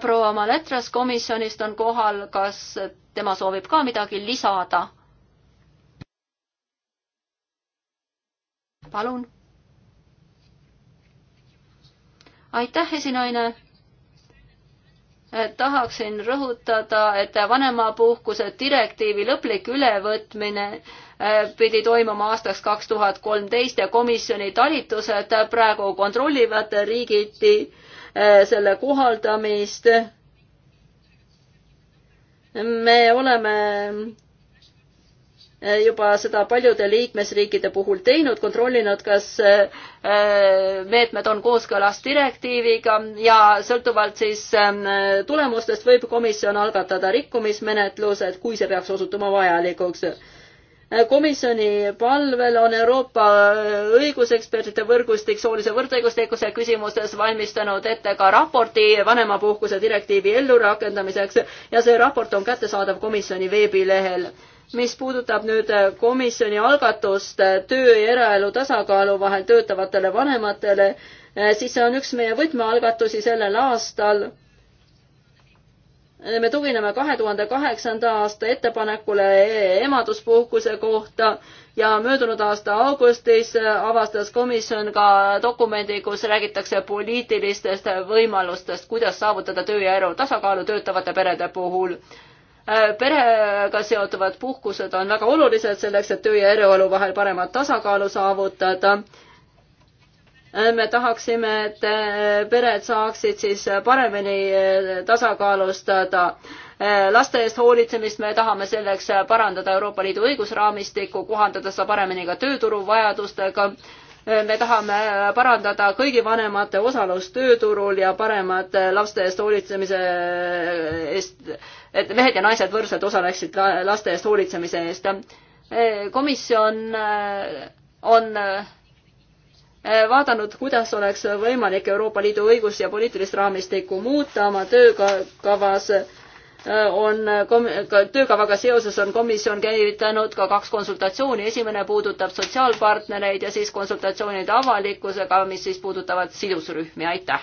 proua Maletras komisjonist on kohal, kas tema soovib ka midagi lisada? palun. aitäh, esinaine eh, tahaksin rõhutada, et vanemapuhkuse direktiivi lõplik ülevõtmine eh, pidi toimuma aastaks kaks tuhat kolmteist ja komisjoni talitused praegu kontrollivad riigiti eh, selle kohaldamist. me oleme Äh, juba seda paljude liikmesriikide puhul teinud, kontrollinud, kas äh, meetmed on kooskõlas direktiiviga ja sõltuvalt siis ähm, tulemustest võib komisjon algatada rikkumismenetlused, kui see peaks osutuma vajalikuks. Äh, komisjoni palvel on Euroopa õigusekspertide võrgustik soolise võrdõiguslikkuse küsimustes valmistanud ette ka raporti vanemapuhkuse direktiivi ellurakendamiseks ja see raport on kättesaadav komisjoni veebilehel mis puudutab nüüd äh, komisjoni algatust äh, töö ja eraelu tasakaalu vahel töötavatele vanematele, äh, siis see on üks meie võtmealgatusi sellel aastal. me tugineme kahe tuhande kaheksanda aasta ettepanekule emaduspuhkuse kohta ja möödunud aasta augustis avastas komisjon ka dokumendi, kus räägitakse poliitilistest võimalustest, kuidas saavutada töö ja eraelu tasakaalu töötavate perede puhul Äh, perega seotuvad puhkused on väga olulised selleks, et töö ja eraelu vahel paremat tasakaalu saavutada. Äh, me tahaksime, et äh, pered saaksid siis paremini tasakaalustada laste eest hoolitsemist, me tahame selleks parandada Euroopa Liidu õigusraamistikku, kohandada seda paremini ka tööturu vajadustega me tahame parandada kõigi vanemate osalust tööturul ja paremat laste eest hoolitsemise eest, et mehed ja naised võrdselt osaleksid laste eest hoolitsemise eest. komisjon äh, on äh, vaadanud, kuidas oleks võimalik Euroopa Liidu õigus- ja poliitilist raamistikku muuta oma töökavas ka Äh, on äh, kom-, töökavaga seoses on komisjon käivitanud ka kaks konsultatsiooni, esimene puudutab sotsiaalpartnereid ja siis konsultatsioonid avalikkusega, mis siis puudutavad sidusrühmi, aitäh!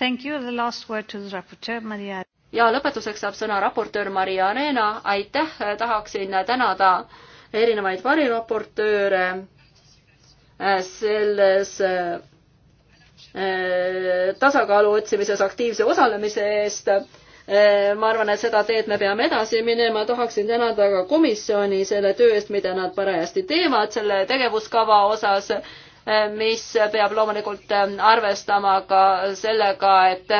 Thank you, the last word to the raporteur, Maria. ja lõpetuseks saab sõna raportöör Maria Arena, aitäh, tahaksin tänada erinevaid variraportööre äh, selles tasakaalu otsimises aktiivse osalemise eest Äh, ma arvan, et seda teed me peame edasi minema, tahaksin tänada ka komisjoni selle töö eest, mida nad parajasti teevad selle tegevuskava osas, äh, mis peab loomulikult äh, arvestama ka sellega, et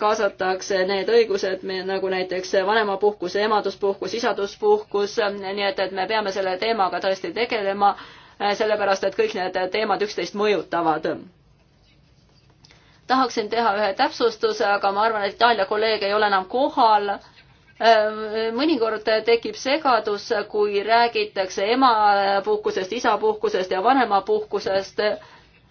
kaasatakse need õigused, nagu näiteks vanemapuhkus, emaduspuhkus, isaduspuhkus, nii et, et me peame selle teemaga tõesti tegelema, sellepärast et kõik need teemad üksteist mõjutavad tahaksin teha ühe täpsustuse, aga ma arvan, et Itaalia kolleeg ei ole enam kohal. Ehm, mõnikord tekib segadus, kui räägitakse emapuhkusest, isapuhkusest ja vanemapuhkusest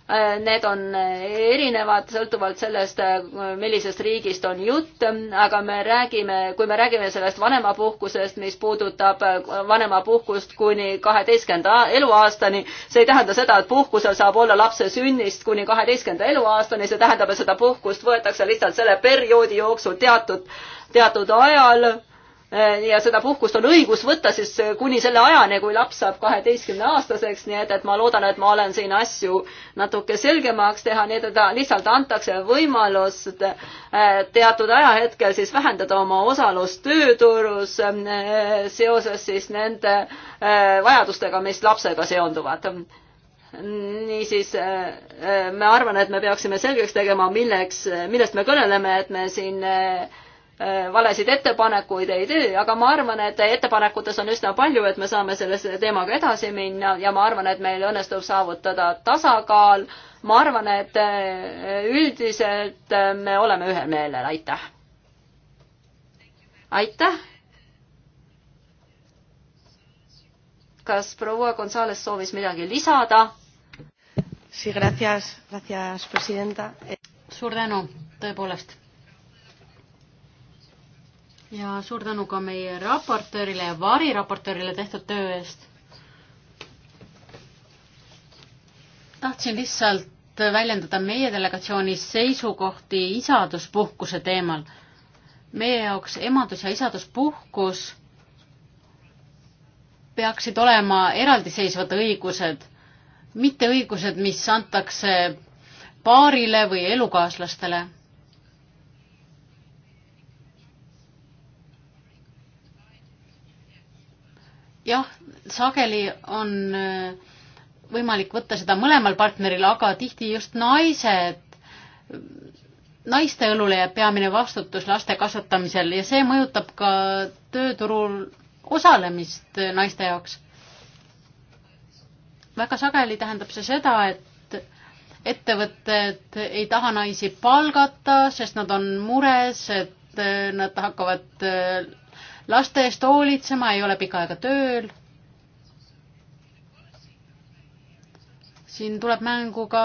Äh, need on erinevad sõltuvalt sellest, äh, millisest riigist on jutt, aga me räägime, kui me räägime sellest vanemapuhkusest, mis puudutab äh, vanemapuhkust kuni kaheteistkümnenda eluaastani, see ei tähenda seda, et puhkusel saab olla lapse sünnist kuni kaheteistkümnenda eluaastani, see tähendab, et seda puhkust võetakse lihtsalt selle perioodi jooksul teatud, teatud ajal Äh, ja seda puhkust on õigus võtta siis äh, kuni selle ajani, kui laps saab kaheteistkümne aastaseks, nii et, et ma loodan, et ma olen siin asju natuke selgemaks teha, nii et ta lihtsalt antakse võimalus äh, teatud ajahetkel siis vähendada oma osalust tööturus seoses siis nende vajadustega, mis lapsega seonduvad niisiis ma arvan, et me peaksime selgeks tegema, milleks, millest me kõneleme, et me siin äh, Äh, valesid ettepanekuid ei tee, aga ma arvan, et ettepanekutes on üsna palju, et me saame selle teemaga edasi minna ja ma arvan, et meil õnnestub saavutada tasakaal. ma arvan, et äh, üldiselt äh, me oleme ühel meelel, aitäh. aitäh. kas proua Gonzales soovis midagi lisada? suur tänu, tõepoolest ja suur tänu ka meie raportöörile ja variraportöörile tehtud töö eest. tahtsin lihtsalt väljendada meie delegatsiooni seisukohti isaduspuhkuse teemal. meie jaoks emadus ja isaduspuhkus peaksid olema eraldiseisvad õigused, mitte õigused, mis antakse paarile või elukaaslastele jah, sageli on äh, võimalik võtta seda mõlemal partneril, aga tihti just naised, naiste õlule jääb peamine vastutus laste kasvatamisel ja see mõjutab ka tööturul osalemist äh, naiste jaoks. väga sageli tähendab see seda, et ettevõtted ei taha naisi palgata, sest nad on mures, et äh, nad hakkavad laste eest hoolitsema, ei ole pikka aega tööl. siin tuleb mängu ka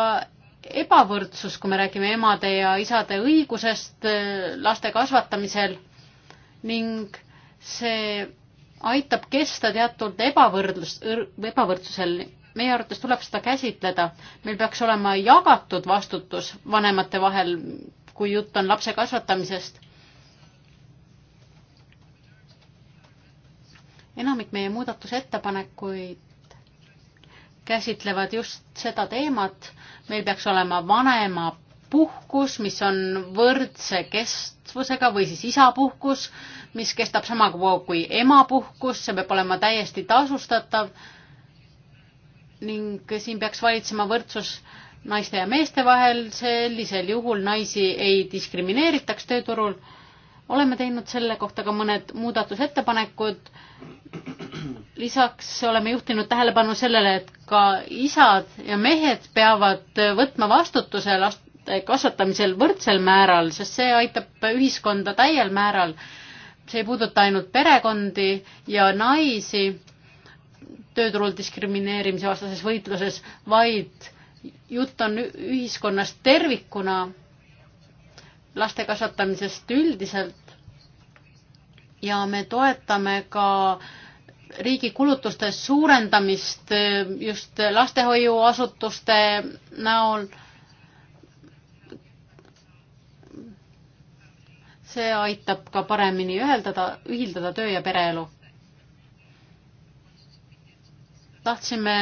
ebavõrdsus, kui me räägime emade ja isade õigusest äh, laste kasvatamisel ning see aitab kesta teatud ebavõrdlus, ebavõrdsusel. meie arvates tuleb seda käsitleda. meil peaks olema jagatud vastutus vanemate vahel, kui jutt on lapse kasvatamisest enamik meie muudatusettepanekuid käsitlevad just seda teemat, meil peaks olema vanemapuhkus, mis on võrdse kestvusega või siis isapuhkus, mis kestab sama kui emapuhkus, see peab olema täiesti tasustatav ning siin peaks valitsema võrdsus naiste ja meeste vahel, sellisel juhul naisi ei diskrimineeritaks tööturul oleme teinud selle kohta ka mõned muudatusettepanekud. lisaks oleme juhtinud tähelepanu sellele, et ka isad ja mehed peavad võtma vastutuse laste kasvatamisel võrdsel määral, sest see aitab ühiskonda täiel määral. see ei puuduta ainult perekondi ja naisi tööturul diskrimineerimise vastases võitluses, vaid jutt on ühiskonnast tervikuna laste kasvatamisest üldiselt ja me toetame ka riigi kulutuste suurendamist just lastehoiuasutuste näol. see aitab ka paremini üheldada, ühildada töö ja pereelu tahtsime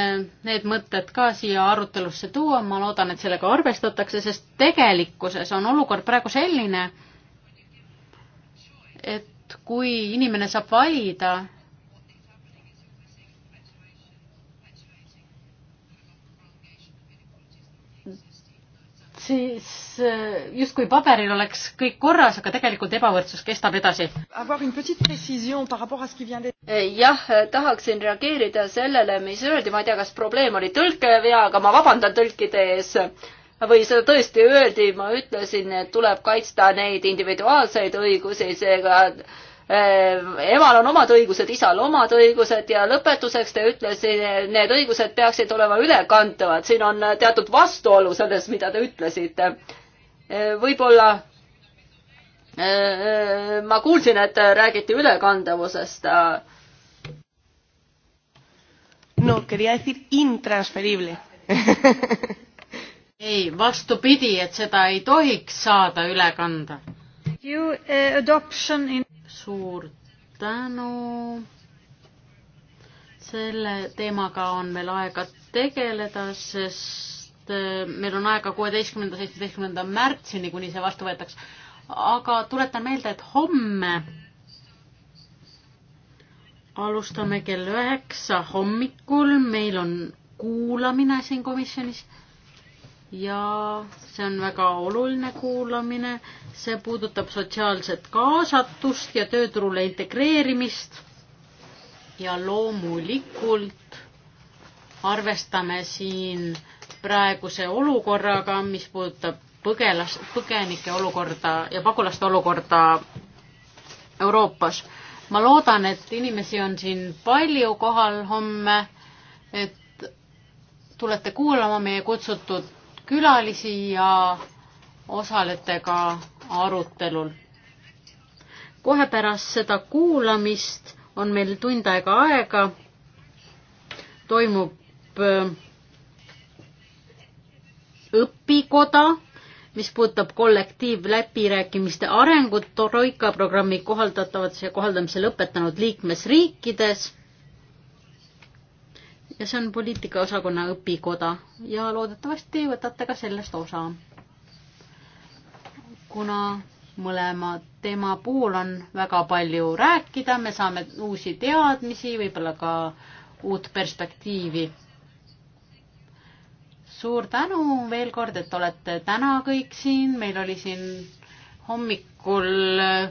need mõtted ka siia arutelusse tuua, ma loodan, et sellega arvestatakse, sest tegelikkuses on olukord praegu selline, et kui inimene saab valida, siis äh, justkui paberil oleks kõik korras, aga tegelikult ebavõrdsus kestab edasi. Eh, jah, tahaksin reageerida sellele, mis öeldi, ma ei tea, kas probleem oli tõlkevea, aga ma vabandan tõlkide ees või seda tõesti öeldi, ma ütlesin, et tuleb kaitsta neid individuaalseid õigusi, seega Äh, emal on omad õigused, isal omad õigused ja lõpetuseks te ütlesite, need õigused peaksid olema ülekantavad, siin on teatud vastuolu selles, mida te ütlesite. Äh, võib-olla äh, ma kuulsin, et räägiti ülekandavusest. no, quería decir intransferible ei, vastupidi, et seda ei tohiks saada üle kanda. Eh, in suur tänu. selle teemaga on meil aega tegeleda, sest äh, meil on aega kuueteistkümnenda, seitsmeteistkümnenda märtsini, kuni see vastu võetaks. aga tuletan meelde, et homme alustame kell üheksa hommikul, meil on kuulamine siin komisjonis ja see on väga oluline kuulamine, see puudutab sotsiaalset kaasatust ja tööturule integreerimist. ja loomulikult arvestame siin praeguse olukorraga, mis puudutab põgelas, põgenike olukorda ja pagulaste olukorda Euroopas. ma loodan, et inimesi on siin palju kohal homme, et tulete kuulama meie kutsutud külalisi ja osalete ka arutelul. kohe pärast seda kuulamist on meil tund aega aega, toimub äh, õpikoda, mis puudutab kollektiivläbirääkimiste arengut Troika programmi kohaldatavates ja kohaldamise lõpetanud liikmesriikides ja see on poliitikaosakonna õpikoda ja loodetavasti võtate ka sellest osa. kuna mõlema teema puhul on väga palju rääkida, me saame uusi teadmisi, võib-olla ka uut perspektiivi. suur tänu veel kord, et olete täna kõik siin, meil oli siin hommikul äh,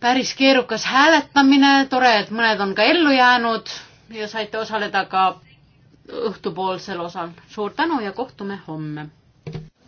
päris keerukas hääletamine, tore, et mõned on ka ellu jäänud ja saite osaleda ka õhtupoolsel osal. suur tänu ja kohtume homme